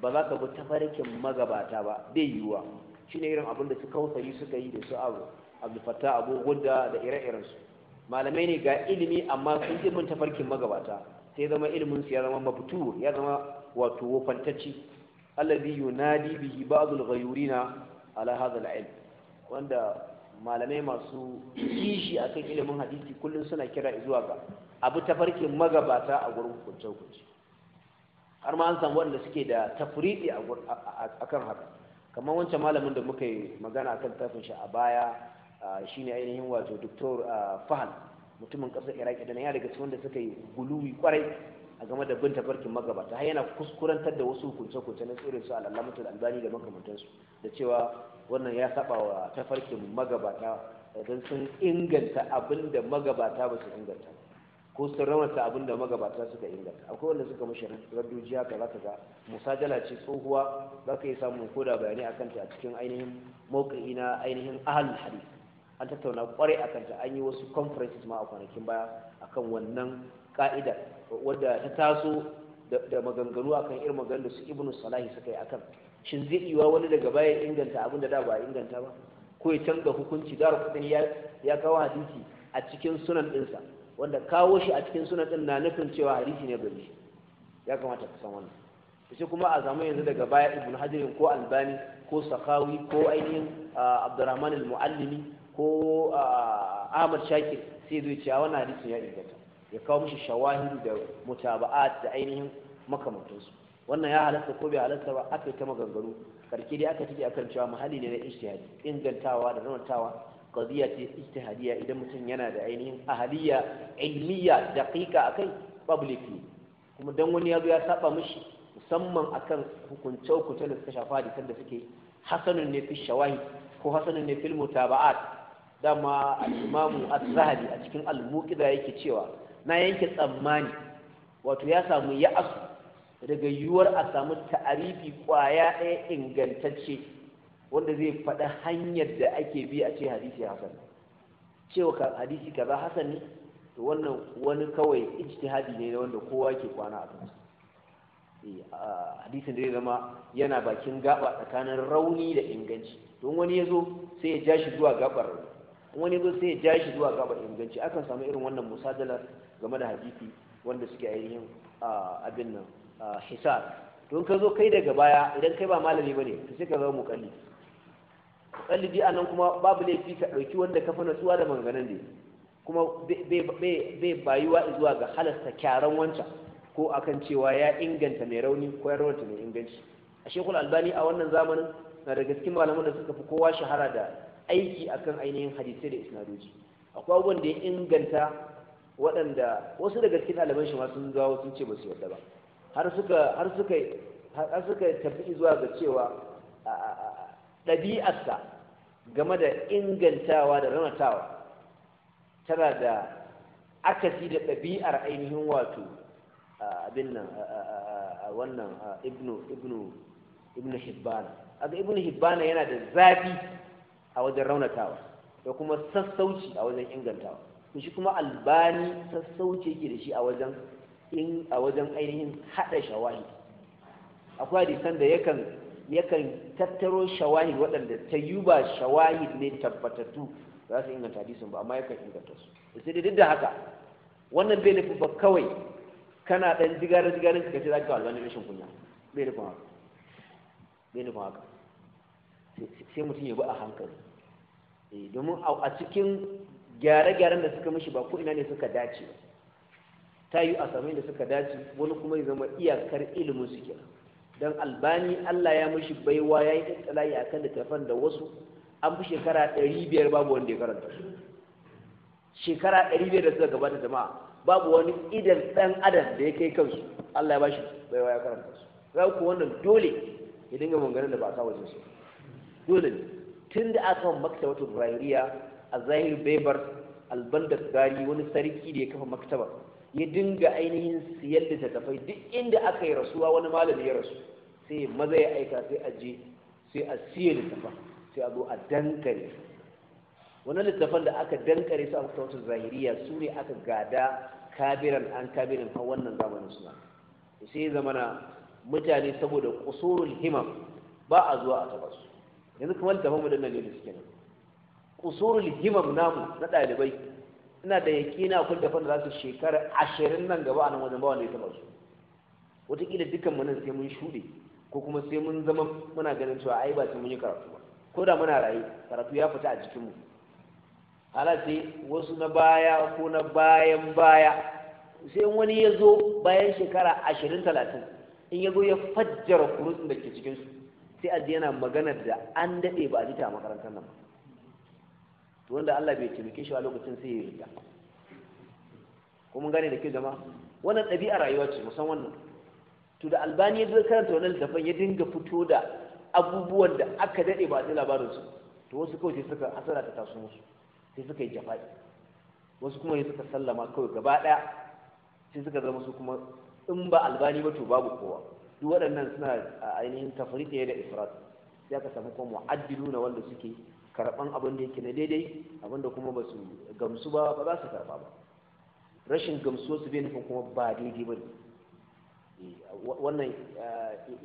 ba za ka bi tafarkin magabata ba bai yiwuwa shine irin abin da su kausayi suka yi da su abu abdul abu gudda da ire-irensu malamai ne ga ilimi amma sun ilimin tafarkin magabata sai zama ilimin su ya zama mabtu ya zama wato wofantacci alladhi yunadi bihi ba'd al-ghayurina ala hadha al-ilm wanda malamai masu kishi akan ilimin hadisi kullum suna kira zuwa ga abu tafarki magabata a gurin hukunce-hukunce har ma an samu waɗanda suke da tafriɗi a kan haka kamar wancan malamin da muka yi magana akan tafin shi a baya shine ainihin wato doktor fahal mutumin ƙasar iraki da ya daga cikin da suka yi guluwi kwarai a game da bin tafarkin magabata har yana kuskurantar da wasu hukunce-hukunce na tsirin su al'alamatul albani da makamantansu da cewa wannan ya saba wa tafarkin magabata don sun inganta abin da magabata ba su inganta ko sun raunata abin da magabata suka inganta akwai wanda suka mashi radujiya ka za ka ga musajala ce tsohuwa za ka yi samun koda bayanai a kanta a cikin ainihin mawuƙi na ainihin ahal hadith an tattauna kwarai a kanta an yi wasu conferences ma a kwanakin baya akan wannan ka'ida wadda ta taso da maganganu akan irin maganar da su ibn salahi suka yi akan shin zai iya wani daga baya inganta abin da da ba inganta ba ko ya canza hukunci dar kudin ya kawo hadisi a cikin sunan dinsa wanda kawo shi a cikin sunan din na nufin cewa hadisi ne gari ya kamata ka san wannan sai kuma a zamanin yanzu daga baya ibnu hajar ko albani ko sakawi ko ainihin ah, abdurrahman al-muallimi ko Ahmad Shakir sai zai ce wannan hadisin ya inganta ya kawo mishi shawahidu da mutaba'at da ainihin makamantansu wannan ya halatta ko bai halatta ba aka yi ta maganganu karki dai aka tike akan cewa muhalli ne na ijtihadi ingantawa da rawantawa qadiya ce ijtihadiyya idan mutum yana da ainihin ahaliya ilmiya daqiqa akai publicly kuma dan wani yazo ya saba mishi musamman akan hukunce hukunce da suka shafa da suke hasanun ne fi shawahi ko hasanun ne fil mutaba'at dama al-imamu al zahabi a cikin al-muqida yake cewa na yanke tsammani wato ya samu ya'asu daga yiwuwar a samu ta'arifi kwaya ɗaya ingantacce wanda zai faɗa hanyar da ake bi a ce hadisi hasan cewa hadisi kaza hasan ne to wannan wani kawai ijtihadi ne wanda kowa ke kwana a kansa eh, hadisin da zai zama yana bakin gaba tsakanin rauni da inganci don wani ya zo sai ya ja zuwa gabar wani zo sai ya ja shi zuwa gaba inganci akan samu irin wannan musajalar game da hadisi wanda suke ainihin abin nan hisab don ka zo kai daga baya idan kai ba malami bane ka sai ka mu zama kalli a nan kuma babu laifi ka ɗauki wanda ka fana suwa da manganan ne kuma bai bayuwa zuwa ga halasta kyaran wancan ko akan cewa ya inganta mai rauni ko ya raunta mai inganci a shekul albani a wannan zamanin na da cikin malaman da suka fi kowa shahara da aiki akan ainihin hadisai da isnadoji akwai abubuwan da ya inganta waɗanda wasu daga cikin alaman shi sun gawo sun ce ba su yarda ba har suka tafi zuwa ga cewa ɗabi'arsa game da ingantawa da ranatawa tana da akasi da ɗabi'ar ainihin wato abin nan wannan ibnu ibnu ibnu hibbana aga ibnu hibbana yana da zafi a wajen raunatawa da kuma sassauci a wajen ingantawa to shi kuma albani sassauci yake da shi a wajen in a wajen ainihin hada shawahi akwai hadisan da yakan yakan tattaro shawahi waɗanda ta yi ba shawahi ne tabbatattu za su inganta hadisin ba amma yakan inganta su sai dai duk da haka wannan bai nufi ba kawai kana ɗan jigarar jigarar ka ce za ka albani rashin kunya bai nufin haka bai nufin haka sai mutum ya bi a hankali eh, domin a cikin gyare-gyaren da suka mashi ba ko ina ne suka dace ba ta yi a samu da suka dace wani kuma ya zama iyakar ilimin su kenan don albani allah ya mashi baiwa ya yi tsalaye a kan littattafan da wasu an fi shekara ɗari biyar babu wanda ya karanta su shekara ɗari biyar da suka gabata jama'a babu wani idan ɗan adam da ya kai kansu allah ya bashi baiwa ya karanta su za ku wannan dole ya dinga mangana da ba a sa wajen su dole ne tun da aka maktaba ibrahiriya a zahir bebar gari wani sarki da ya kafa maktaba ya dinga ainihin siyar da tafai duk inda aka yi rasuwa wani malami ya rasu sai maza ya aika sai a je sai a siya littafan, sai a zo a dankare wannan littafan da aka dankare su a maktabatar zahiriya su ne aka gada kabiran an kabirin a wannan zamanin suna sai zamana mutane saboda kusurul himam ba a zuwa a taɓa yanzu kuma littafin mu dinnan ne da suke nan kusurul himam namu na ɗalibai ina da yaƙina akwai littafin da za su shekara ashirin nan gaba a nan wajen ba wanda ya taɓa wataƙila dukkan mu nan sai mun shuɗe ko kuma sai mun zama muna ganin cewa ai ba sai mun yi karatu ba ko da muna raye karatu ya fita a jikinmu hala sai wasu na baya ko na bayan baya sai wani ya zo bayan shekara ashirin talatin in ya zo ya fajjara kurutun da ke cikinsu sai aji yana maganar da an daɗe ba a ji ta a makarantar nan ba, to wanda Allah bai taimake shi a lokacin sai ya rida ko mun gane da ke zama wannan ɗabi'a rayuwa ce musan wannan to da albani ya zo karanta wannan littafin ya dinga fito da abubuwan da aka daɗe ba a ji labarin su to wasu kawai sai suka hasara ta taso musu sai suka yi jafa'i wasu kuma ya suka sallama kawai gaba ɗaya sai suka zama su kuma in ba albani ba to babu kowa duk waɗannan suna a ainihin tafrita da ifrat ya ka samu kuma mu'addilu na wanda suke karɓan abin da yake na daidai abin da kuma ba su gamsu ba ba za su karɓa ba rashin gamsu su bai nufin kuma ba daidai ba eh, wannan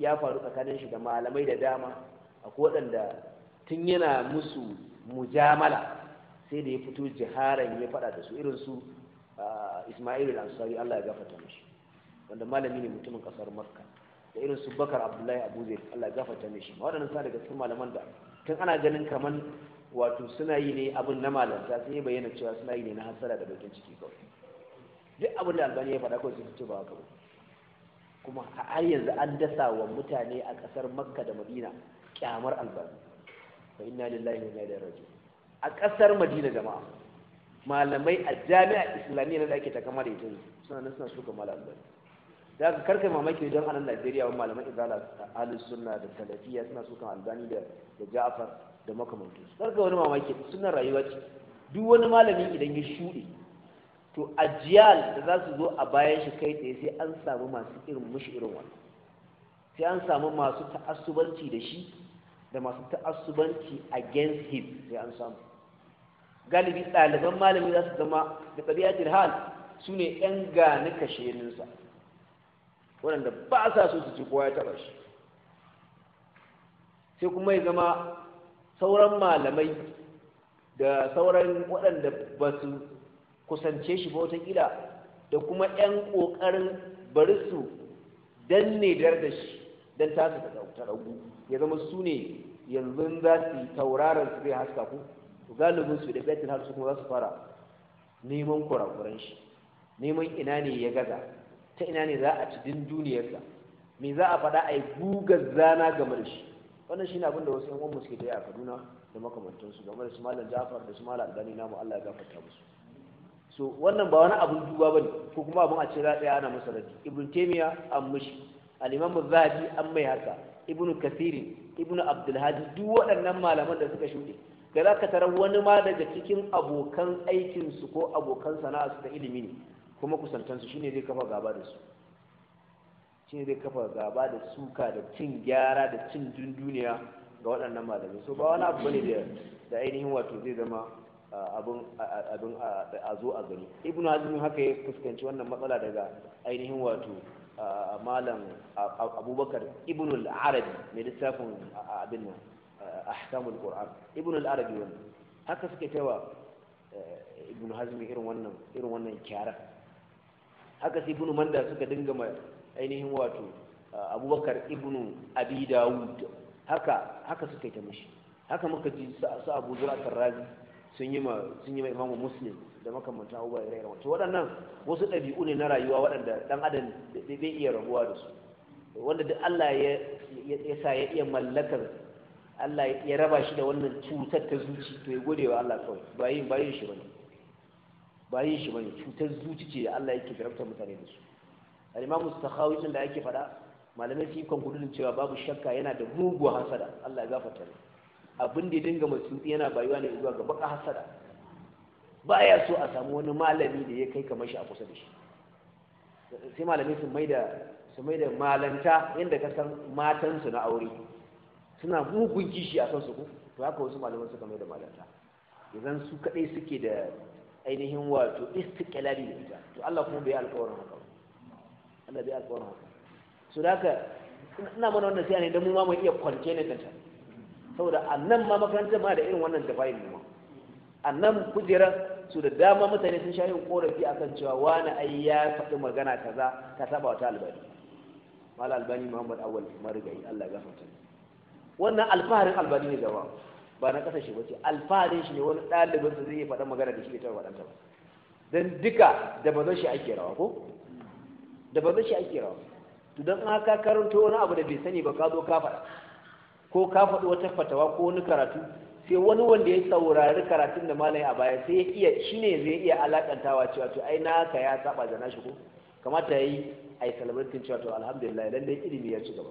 ya faru tsakanin shi da malamai da dama Ko waɗanda tun yana musu mujamala sai da ya fito jiharan ya faɗa da su irin su ismail al-ansari allah ya gafata mashi wanda malami ne mutumin ƙasar makka da irin su bakar abdullahi abu zai allah gafarta ne shi waɗannan suna daga cikin malaman da tun ana ganin kamar wato suna yi ne abin na malanta sai bayyana cewa suna yi ne na hasara da bakin ciki kawai duk abin da albani ya faɗa kawai sun ce ba haka ba kuma har yanzu an dasa wa mutane a ƙasar makka da madina kyamar albani fa inna lillahi wa inna ilaihi raji'un a ƙasar madina jama'a malamai a jami'a islamiyya da ake takama da ita suna nan suna shuka malam albani da ka karka mamaki don anan Najeriya wani malaman izala ahlus suna da talafiya suna sukan albani da da da makamantu karka wani mamaki suna rayuwa ce duk wani malami idan ya shuɗe to ajiyal da za su zo a bayan shi kai tsaye sai an samu masu irin mushi irin wannan sai an samu masu ta'assubanci da shi da masu ta'assubanci against him sai an samu galibi ɗaliban malami za su zama da ɗabi'a jirhal su ne 'yan gani ninsa. waɗanda ba sa so su ci kowa ya taɓa shi sai kuma ya zama sauran malamai da sauran waɗanda ba su kusance shi ba wata watakila da kuma 'yan ƙoƙarin bari su danne dar da shi don su ta ragu ya zama su ne yanzu za su yi tauraron su zai haska ku galibin su da betin har su kuma za su fara neman kurakuran shi neman ina ne ya gaza ta ina ne za a ci din duniyarsa me za a faɗa a yi gugar zana game da shi wannan shi ne abinda wasu yan uwanmu suke da a Kaduna da makamantansu game da su malam Ja'far da su malam Albani namu Allah ya gafarta musu so wannan ba wani abin duba ne. ko kuma abin a ce za tsaya ana masa radi Ibn Taymiyyah an mushi alimamu imam an mai haka Ibn kasiri Ibn abdulhadi duk waɗannan malaman da suka shuɗe da za ka tarar wani ma daga cikin abokan aikinsu ko abokan sana'arsu ta ilimi ne kuma kusantansu shine zai kafa gaba da su shine zai kafa gaba da suka da cin gyara da cin dunduniya ga waɗannan malamai so ba wani abu ne da ainihin wato zai zama abun a zo a gani ibnu azmi haka ya fuskanci wannan matsala daga ainihin wato malam abubakar ibnu al-arabi mai littafin abin nan ahkamul qur'an ibnu al-arabi wannan haka suke cewa eh, ibnu hazmi irin wannan irin wannan kyara haka sai ibnu manda suka dinga ma ainihin wato ah, abubakar ibnu abi dawud haka haka suka yi ta mishi haka muka ji su abu zura tarrazi sun yi ma sun yi ma imamu muslim da makamanta abubuwa da rayuwa to waɗannan wasu ɗabi'u ne na rayuwa waɗanda ɗan adam bai iya rabuwa da su wanda duk Allah ya sa ya iya mallakar Allah ya raba shi da wannan cutar ta zuci to ya gode wa Allah kawai ba yin ba yin shi bane ba yin shi bane cutar zuci ce da Allah yake jarabtar mutane da su al-imamu sakhawi din da yake fada malamai su kan gudun cewa babu shakka yana da mugu hasada Allah ya gafarta ne abin da ya dinga masuti yana bayuwa ne zuwa ga baka hasada baya so a samu wani malami da ya kai kamar shi a kusa da shi sai malamai su mai da su mai malanta yadda ka san matansu na aure suna mugun kishi a kansu ku to haka wasu malaman suka mai da malanta idan su kaɗai suke da ainihin wato istiqlali da ita to Allah kuma bai alƙawarin haka Allah bai alƙawarin haka so da haka ina mana wannan sai ne dan mu ma mu iya kwance ne kanta saboda annan ma makarantar ma da irin wannan tafayin mu annan kujera su da dama mutane sun sha yin korafi akan cewa wani ai ya faɗi magana kaza ta saba wata albani mala albani muhammad awal marigayi Allah ya gafarta wannan alfaharin albani ne gaba ba na kasashe ba ce alfaharin shi ne wani ɗalibinsa zai yi faɗin magana da shi ita ba waɗanta ba don duka da ba shi ake rawa ko da ba shi ake rawa to don haka karanto wani abu da bai sani ba ka zo ka faɗa ko ka faɗi wata fatawa ko wani karatu sai wani wanda ya saurari karatun da malai a baya sai ya iya shi ne zai iya alaƙantawa cewa to ai naka ya saba da nashi ko kamata ya yi a yi salamatin cewa to alhamdulillah lallai ilimi ya ci gaba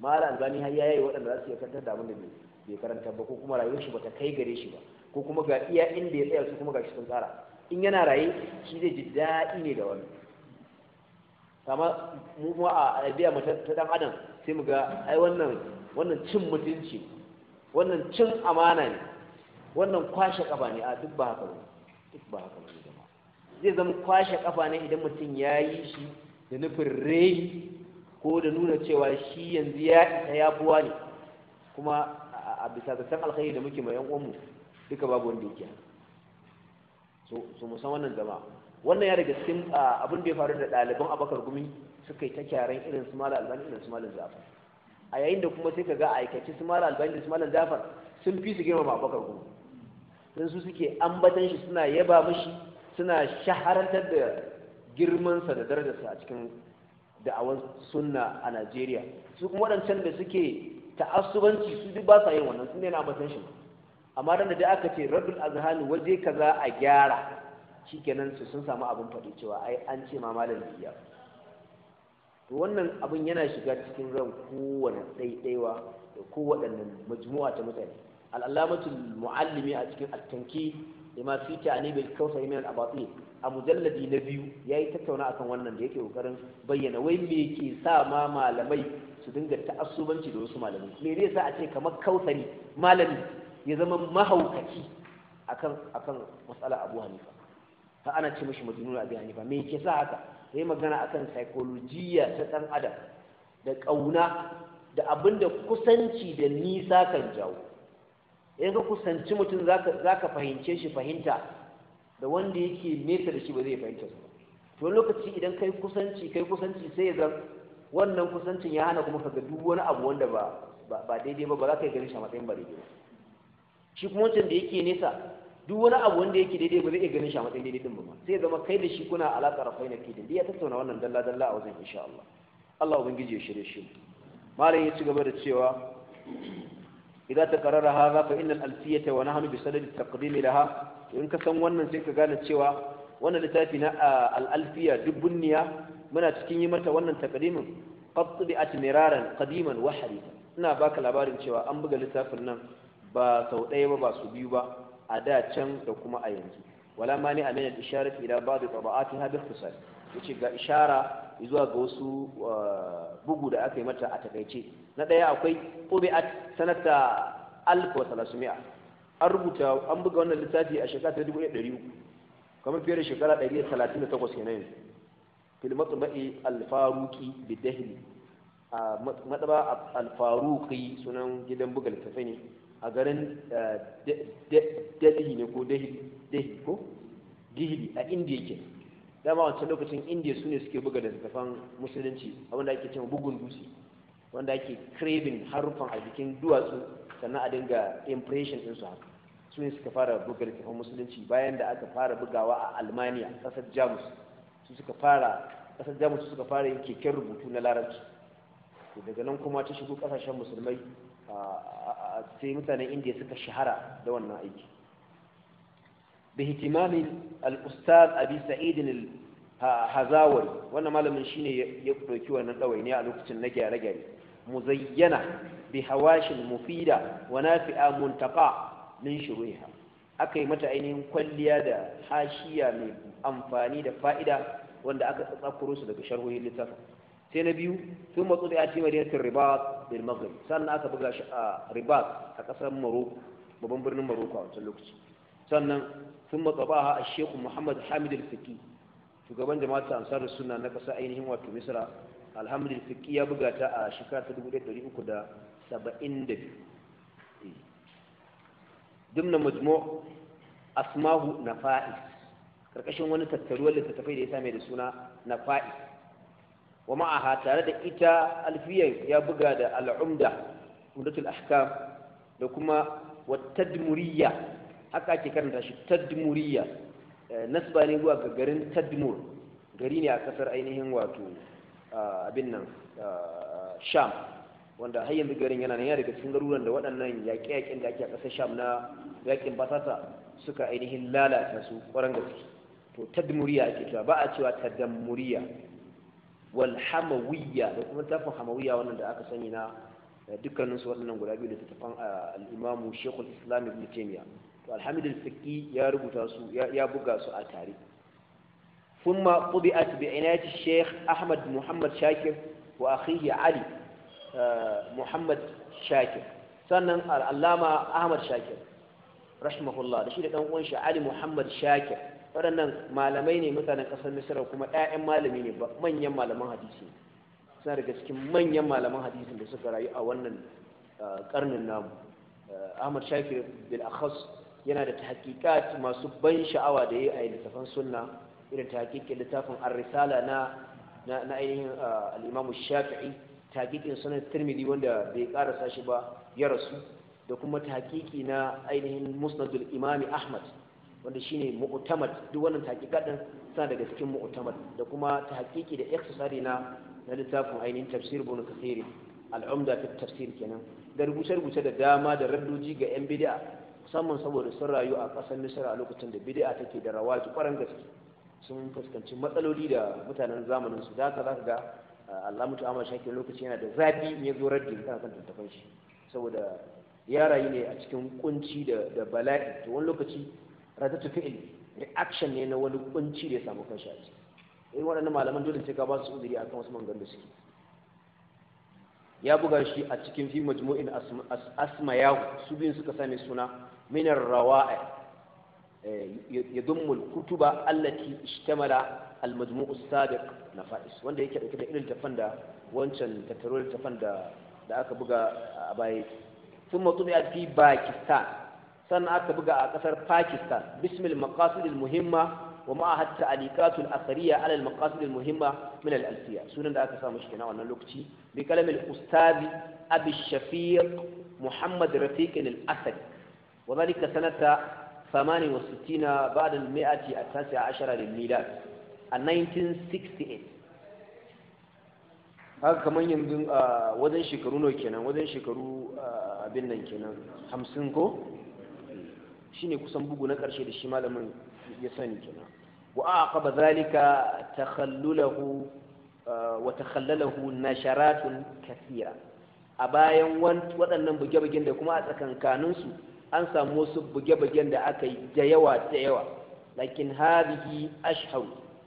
malam zani har yayi waɗanda za su iya kantar da abin da bai bai karanta ba ko kuma rayuwar shi bata kai gare shi ba ko kuma ga iya inda ya tsaya su kuma gashi sun tsara in yana raye shi zai ji daɗi ne da wani kama mu kuma a albiya ta dan adam sai mu ga ai wannan wannan cin mutunci wannan cin amana ne wannan kwashe kafa ne a duk ba haka ba duk ba haka ba zai zama kwashe kafa ne idan mutum ya yi shi da nufin rai ko da nuna cewa shi yanzu ya isa ya buwa ne kuma a bisa zaton alkhairi da muke mai yan uwanmu duka babu wanda yake so so mu wannan wannan ya daga cikin abin da ya faru da ɗaliban abakar gumi suka yi ta kyaran irin su malam albani irin su zafar a yayin da kuma sai ka ga aikace su malam albani da su malam zafar sun fi su girmama abakar gumi sun su suke ambatan shi suna yaba mishi suna shaharantar da girmansa da darajarsa a cikin da'awan sunna a najeriya su kuma waɗancan da suke ta'assubanci su duk ba sa yin wannan sun yana na ambaton shi amma dan da aka ce rabbul azhan waje kaza a gyara shikenan su sun samu abin faɗi cewa ai an ce ma malam biya to wannan abin yana shiga cikin ran kowane ɗaiɗaiwa da kowaɗannan majmu'a ta mutane al'alamatul mu'allimi a cikin at-tanki lima fi ta'ani bil kawsari min al a mujalladi na biyu ya yayi tattauna akan wannan da yake kokarin bayyana wai me ke sa ma malamai su dinga ta'assubanci da wasu malamai me zai sa a ce kamar kausari malami ya zama mahaukaci akan akan mas'ala Abu Hanifa fa ana ce mishi majnun Abu Hanifa me yake sa haka sai magana akan psychologiya ta dan adam da kauna da abinda kusanci da nisa kan jawo in ka kusanci mutum zaka fahimce shi fahimta da wanda yake nesa da shi ba zai fahimta ba to lokaci idan kai kusanci kai kusanci sai ya zama wannan kusancin ya hana kuma kaga duk wani abu wanda ba ba daidai ba ba za ka yi ganin shi a matsayin ba daidai ba shi kuma wancan da yake nesa duk wani abu wanda yake daidai ba zai iya ganin shi a matsayin daidai din ba ma. sai zama kai da shi kuna alaƙa rafai na kidin da ya tattauna wannan dalla dalla a wajen insha Allah Allah ubangiji ya shirye shi malam ya ci gaba da cewa idan ta karara haza fa innal alfiyata wa nahnu bi sadad taqdim laha in ka san wannan sai ka gane cewa wannan littafi na al alfiya dubbunniya muna cikin yi mata wannan takadimin qatbi atmiraran qadiman wahari harifa ina baka labarin cewa an buga littafin nan ba sau ɗaya ba ba su biyu ba a da can da kuma a yanzu wala ma ni amina isharati ila ba'd tabaqatiha bi ikhtisar yace ga ishara zuwa ga wasu bugu da aka yi mata a takaice na ɗaya akwai qubiat sanata alif 1300 an rubuta an buga wannan littafi a shekara 1300 kamar fiye da shekara takwas kenan yanzu fil matsaba'i alfaruki bidahli a alfaruki sunan gidan buga littafi ne a garin eh, dahli ne ko dahli ko gidi a indiya ke dama wancan lokacin indiya su ne suke buga littafan musulunci wanda ake cewa bugun dutse wanda ake craving harufan a bikin duwatsu sannan a dinga impression ɗinsu haka su ne suka fara buga littafan musulunci bayan da aka fara bugawa a almaniya ƙasar jamus su jamus suka fara yin keken rubutu na larabci daga nan kuma ta shigo kasashen musulmai sai mutanen indiya suka shahara da wannan aiki da hitimamin al-ustaz abi sa'idin hazawar wannan malamin shine ya ɗauki wannan ɗawaini a lokacin na gyare-gyare muzayyana bi hawashin mufida wa nafi'a muntaka min shuruha aka yi mata ainihin kwalliya da hashiya mai amfani da fa'ida wanda aka tsakuro su daga sharhohin littafin sai na biyu sun matsu da ya ce madiyatin ribat bil maghrib sannan aka buga shi a ribat a kasar maroko babban birnin maroko a wancan lokaci sannan sun matsa ba a shehu muhammad hamid al-fiki shugaban jama'atar ansar suna na kasa ainihin wato misra alhamdul fiki ya buga ta a shekara ta 1372 eh. dimna majmu' asmahu nafa'is karkashin wani tattaruwar littattafai da ya same da suna na fa'i wa ma'aha tare da ita alfiyar ya buga da al'umda hudatul ahkam da kuma wa tadmuriya haka ake karanta shi tadmuriya eh, nasba ne zuwa ga garin tadmur gari ne a kasar ainihin wato ah, abin nan ah, sham wanda har yanzu garin yana nan ya daga cikin garuruwan da waɗannan yaƙe-yaƙen da ake a ƙasar sham na yaƙin basasa suka ainihin lalata su ƙwarar gaske to tadmuriya ake cewa ba a cewa tadammuriya wal hamawiyya da kuma tafin hamawiyya wannan da aka sani na eh, dukkanin su waɗannan guda biyu da tattafan ah, al-imamu shekul islam ibn taymiya to alhamdul fiqi ya rubuta su ya buga su a tare ثم طبعت بعناية الشيخ أحمد محمد شاكر وأخيه علي muhammad shakir sannan al'allama ahmad shakir rahimahullah da shi da ɗan shi ali muhammad shakir waɗannan malamai ne mutanen ƙasar misira kuma ɗayan malami ne manyan malaman hadisi suna daga cikin manyan malaman hadisin da suka rayu a wannan ƙarnin namu ahmad shakir bil akhas yana da tahqiqat masu ban sha'awa da yayi a littafin sunna irin tahqiqin littafin ar-risala na na ainihin al-imam shafi'i tahqiqin sunan tirmidhi wanda bai karasa shi ba ya rasu da kuma tahqiqi na ainihin musnadul imami ahmad wanda shine mu'tamad duk wannan tahqiqat din suna daga cikin mu'tamad da kuma ta hakiki da ikhtisari na na littafin ainihin tafsir ibn kathir al-umda fi tafsir kenan da rubuce rubuce da dama da raddoji ga yan bid'a musamman saboda sun rayu a ƙasar Misra a lokacin da bid'a take da rawaji ƙwarar gaske sun fuskanci matsaloli da mutanen zamanin su da za ka ga Allah mutu amma shakin lokaci yana da zafi ya zo raddi kan kan tattafan shi saboda ya rayu ne a cikin kunci da bala'i to wani lokaci ratatu fi'il reaction ne na wani kunci da ya samu kan a ciki eh, waɗannan malaman dole sai ka ba su a akan wasu mangan da suke ya buga shi a cikin fi majmu'in asma ya su biyun suka same suna minar rawa'i eh, yadummul kutuba allati ishtamala al-majmu' Sadiq sabiq na fa'is wanda yake dauke da irin tafan da wancan da tafan da aka buga a baya sun mutum fi Pakistan sannan aka buga a kasar pakistan bismil maqasidil muhimma wa ma'ahat ta'aliqatul akhariya ala al maqasidil muhimma min al alfiya sunan da aka samu shi kenan wannan lokaci bi kalamil ustadi abi shafiq muhammad rafiq al asad wa dhalika sanata 68 بعد المئة التاسعة عشرة a 1968 haka kamar yanzu wajen shekaru nawa kenan wajen shekaru abin nan kenan hamsin ko shine kusan bugu na karshe da shi malamin ya sani kenan wa aqaba zalika takhallulahu wa takhallalahu nasharatun kathira a bayan waɗannan buge-bugen da kuma a tsakankaninsu an samu wasu buge-bugen da aka yi da yawa da yawa lakin hadihi ashhar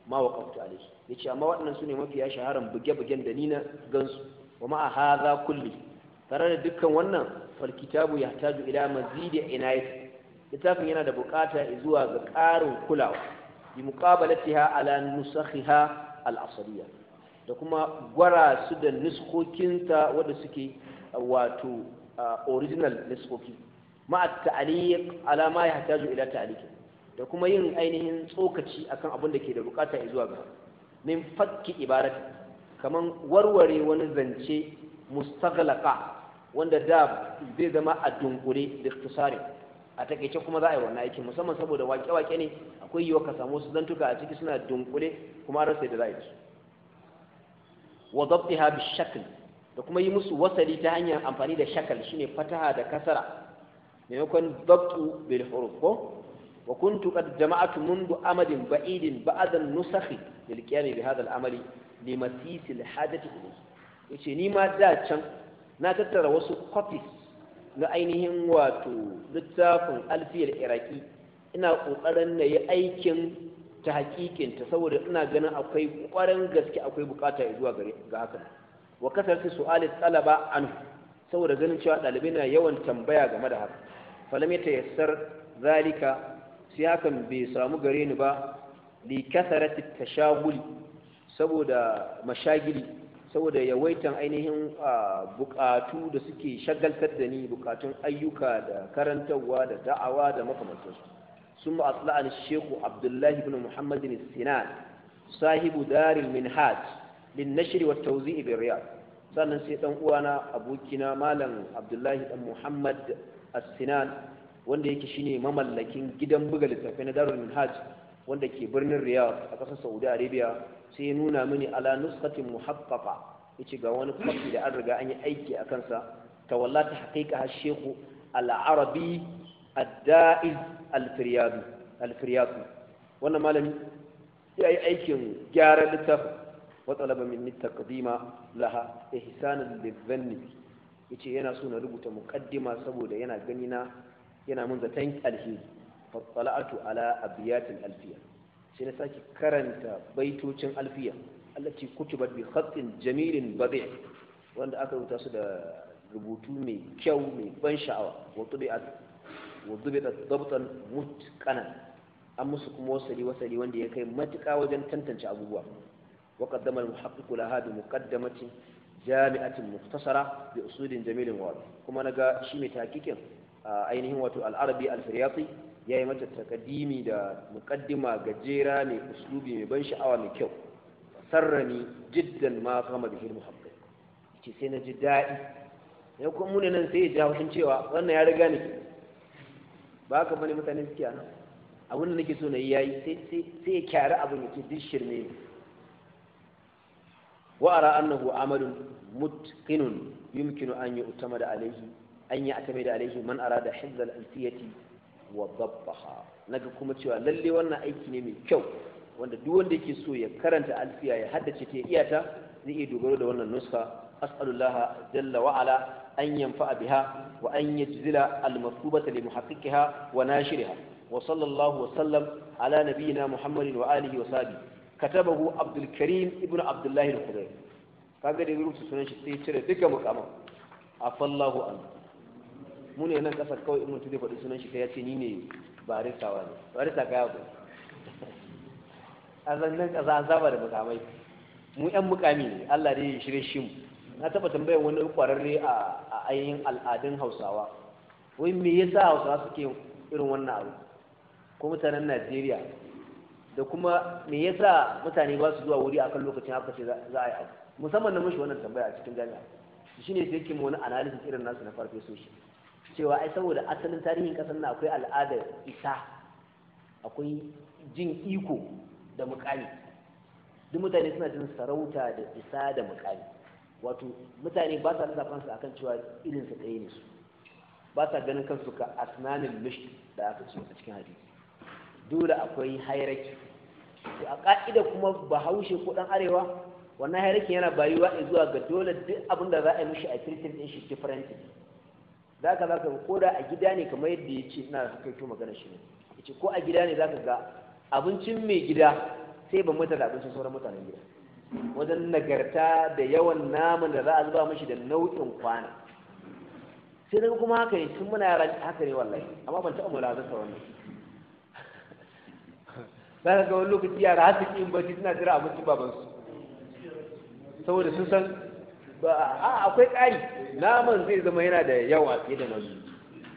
ma waqaftu alayhi yace amma waɗannan su ne mafiya shaharan buge-bugen da ni na gansu wa ma hadha kulli tare da dukkan wannan fal kitabu yahtaju ila mazidi inayati littafin yana da bukata zuwa ga ƙarin kulawa bi muqabalatiha ala nusakhiha al-asliya da kuma gwara su da nuskokinta wanda suke wato original nuskoki ma'a ta'aliq ala ma yahtaju ila da kuma yin ainihin tsokaci akan abin da ke da bukata zuwa ga min fakki ibarati kaman warware wani zance mustaghlaqa wanda da zai zama a dunkure da ikhtisari a takaice kuma za a yi wannan aikin musamman saboda wake-wake ne akwai yiwuwa ka samu su zantuka a ciki suna dunkule kuma rasa da za a yi su wa zabtiha bi shakl da kuma yi musu wasali ta hanyar amfani da shakal shine fataha da kasara maimakon zabtu bil huruf ko wa kuntu qad jama'atu mundu amadin ba'idin ba'dan nusakhi lil qiyam bi hadha al amali limasis al hadati ilayhi yace ni ma da can na tattara wasu copies na ainihin wato littafin alfiyar iraki ina ƙoƙarin na yi aikin ta hakikinta saboda ina ganin akwai ƙwarin gaske akwai bukata zuwa ga haka wa su su'alis talaba an saboda ganin cewa ɗalibai na yawan tambaya game da haka falam ya tayassar zalika sai hakan bai samu gare ni ba li kasarati tashaguli saboda mashagili saboda yawaitan ainihin bukatu da suke shagaltar da ni bukatun ayyuka da karantarwa da da'awa da makamantarsu sun ma'atla'an sheku abdullahi bin muhammadin sinan sahibu darin minhaj bin nashiri wa ta'uzi bin riyad sannan sai dan uwana abokina malam abdullahi dan muhammad as-sinan wanda yake shine mamallakin gidan buga littafai na darul minhaj wanda ke birnin riyadh a ƙasar saudi arabia sai ya nuna mini ala nuskatin muhaffafa yace ga wani kwafi da an riga an yi aiki a kansa ta haqiqa hashehu al-arabi ad-da'iz al wannan malami ya yi aikin gyaran littafin wa talaba minni taqdima laha ihsanan lidhanni yace yana so na rubuta muqaddima saboda yana gani na yana mun zaton alheri fa ala abiyatil alfiyah sai na sake karanta baitocin alfiya allati kutibat bi khatin jamilin badi wanda aka rubuta su da rubutu mai kyau mai ban sha'awa wa tubi'at wa tubi'at dabtan an musu kuma wasali wasali wanda ya kai matuƙa wajen tantance abubuwa wa qaddama al-muhaqqiq laha bi muqaddamatin jami'atin muktasara bi usulin jamilin wa kuma naga shi mai takikin ainihin wato al-arabi al-firyati ya yi mata takadimi da mukaddima gajera mai uslubi mai ban sha'awa mai kyau sarrani jiddan ma kama da hilmu haɓɓai ce sai na ji daɗi ya kuma muni nan sai ya ja haushin cewa wannan ya riga ni ba ka bane mutane suke a nan abin da nake so na yi yayi sai ya kyari abin ya ke duk shirme ne wa ara annahu amalun mutqinun yumkinu an yu'tamada alayhi an da alayhi man arada hizz al-alfiyati wa dabbaha naga kuma cewa lalle wannan aiki ne mai kyau wanda duk wanda yake so ya karanta alfiya ya haddace ta iyata zai iya dogaro da wannan nuska as'alullaha jalla wa ala an yanfa'a biha wa an yajzila al-maktubata li muhaqqiqiha wa nashiriha wa sallallahu wa sallam ala nabiyyina muhammadin wa alihi wa sahbihi katabahu abdul karim ibnu abdullahi al-khudayr kaga da rubuta sunan shi sai cire duka mukama afallahu anhu mu ne nan kasar kawai in mutum zai faɗi sunan shi kai ya ce ni ne barista wani barista ka yabo a zannan ƙasa an zaba da mukamai mu yan mukami ne Allah dai ya shirye shi mu na taɓa tambayar wani ƙwararre a ainihin al'adun hausawa wai me yasa hausawa suke irin wannan abu ko mutanen najeriya da kuma me yasa mutane ba su zuwa wuri akan lokacin haka ce za a yi abu musamman na mashi wannan tambaya a cikin jami'a ne sai yake wani analysis irin nasu na farfesoshi cewa ai saboda asalin tarihin kasar na akwai al'adar isa akwai jin iko da mukami duk mutane suna jin sarauta da isa da mukami wato mutane ba sa lissafin su akan cewa irin su ɗaya ne su ba sa ganin kansu ka asnanin mish da aka ce a cikin hadisi dole akwai hayraki a ka'ida kuma bahaushe ko dan arewa wannan hayrakin yana bayuwa zuwa ga dole duk abin da za a yi mishi a kirkin din shi different za ka za ka ga koda a gida ne kamar yadda ya ce da haka kyau magana shi ne ya ce ko a gida ne za ka ga abincin mai gida sai ban mutar da abincin sauran mutanen gida wajen nagarta da yawan naman da za a zuba mashi da nau'in kwana sai daga kuma haka ne sun muna yara haka ne wallahi amma ban taɓa mula zasa wannan za ka ga wani lokaci yara haka su ƙin bacci suna jira abincin babansu saboda sun san Ba a akwai ƙari naman zai zama yana da yawa fiye da nauyi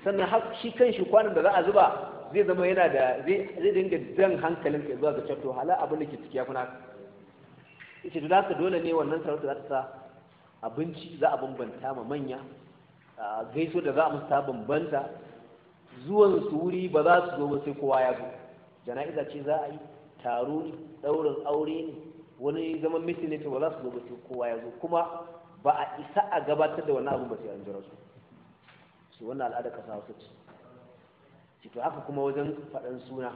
sannan shi kan shi kwanan da za a zuba zai zama yana da zai dinga zan hankalin ka zuwa ga cato hala abin da ke ciki ya kuna ita da ka dole ne wannan sarauta za ta sa abinci za a bambanta ma manya gaiso da za a musta bambanta zuwan su wuri ba za su zo ba sai kowa ya zo jana'iza ce za a yi taro ne ɗaurin aure ne wani zaman mitin ne to ba za su zo ba sai kowa ya zo kuma ba a isa a gabatar da wani abu ba sai an jira su su wannan al'ada kasa wasu ce ce to haka kuma wajen faɗan suna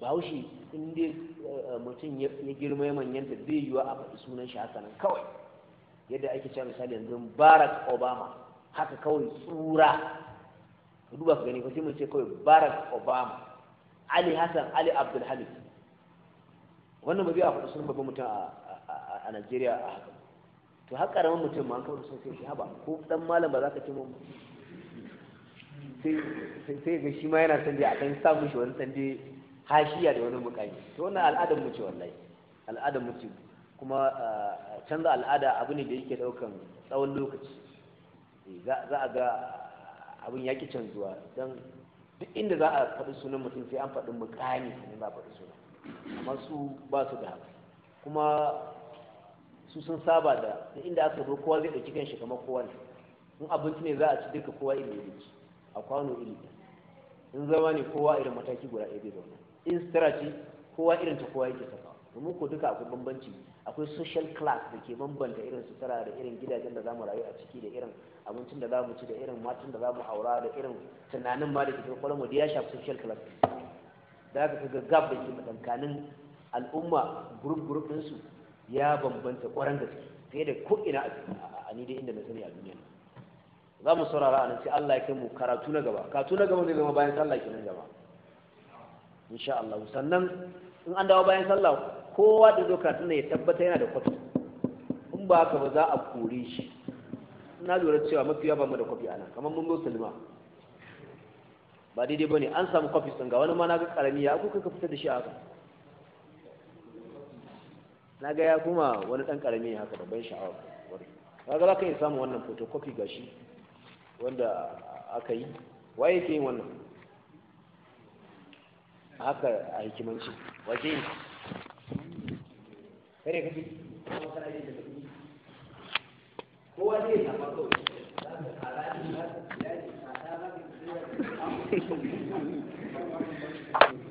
bahaushe in dai eh, mutum ya girma ya da bai yiwa a faɗi sunan shi haka nan kawai yadda ake cewa misali yanzu Barak obama haka kawai tsura ku duba ka gani sai mun ce kawai Barak obama ali hassan ali abdulhamid wannan ba zai a faɗi sunan babban mutum a najeriya a haka to har karamin mutum ma kawai sun sai haba ko dan malam ba za ka ci mun sai ga shi ma yana san dai a kan sa mushi wani san dai hashiya da wani mukami to wannan al'adar mu ce wallahi al'adar mu ce kuma ah, canza al'ada abu ne da yake daukan tsawon lokaci eh, za a ga abin yaki canzuwa don duk inda za a faɗi sunan mutum sai an faɗi mukami sannan za a faɗi sunan amma su ba su da haka kuma su sun saba da inda aka zo kowa zai ɗauki kanshi kamar kowa ne in abinci ne za a ci duka kowa irin ne ci a kwano iri in zama ne kowa irin mataki guda ɗaya zai zauna in sutura ce kowa irin ta kowa yake sakawa domin ko duka akwai bambanci akwai social class da ke bambanta irin sutura da irin gidajen da zamu rayu a ciki da irin abincin da zamu ci da irin matan da zamu aura da irin tunanin ma da ke kwakwalwar mu da ya shafi social class da aka ga gab da ke tsakankanin al'umma gurup gurup ɗinsu ya bambanta ƙwarar suke fiye da ko'ina a ni dai inda na sani a duniya za mu saurara a nan sai Allah ya kai mu karatu na gaba karatu na gaba zai zama bayan sallah nan gaba insha Allah sannan in an dawo bayan sallah kowa da zo karatu ne ya tabbata yana da kwafi in ba haka ba za a kore shi na lura cewa mafi yawa ba mu da kwafi a nan kamar mun zo salima ba daidai ba ne an samu kwafi sun ga wani ma na ga karami ya kai ka fitar da shi a haka na ga ya kuma wani ɗan ƙarami haka da ban sha'awa na ga za ka iya samun wannan photocopy ga shi wanda aka yi waye ke yin wannan haka a hikimanci waje yi kare kake kowa zai zama kawai za ka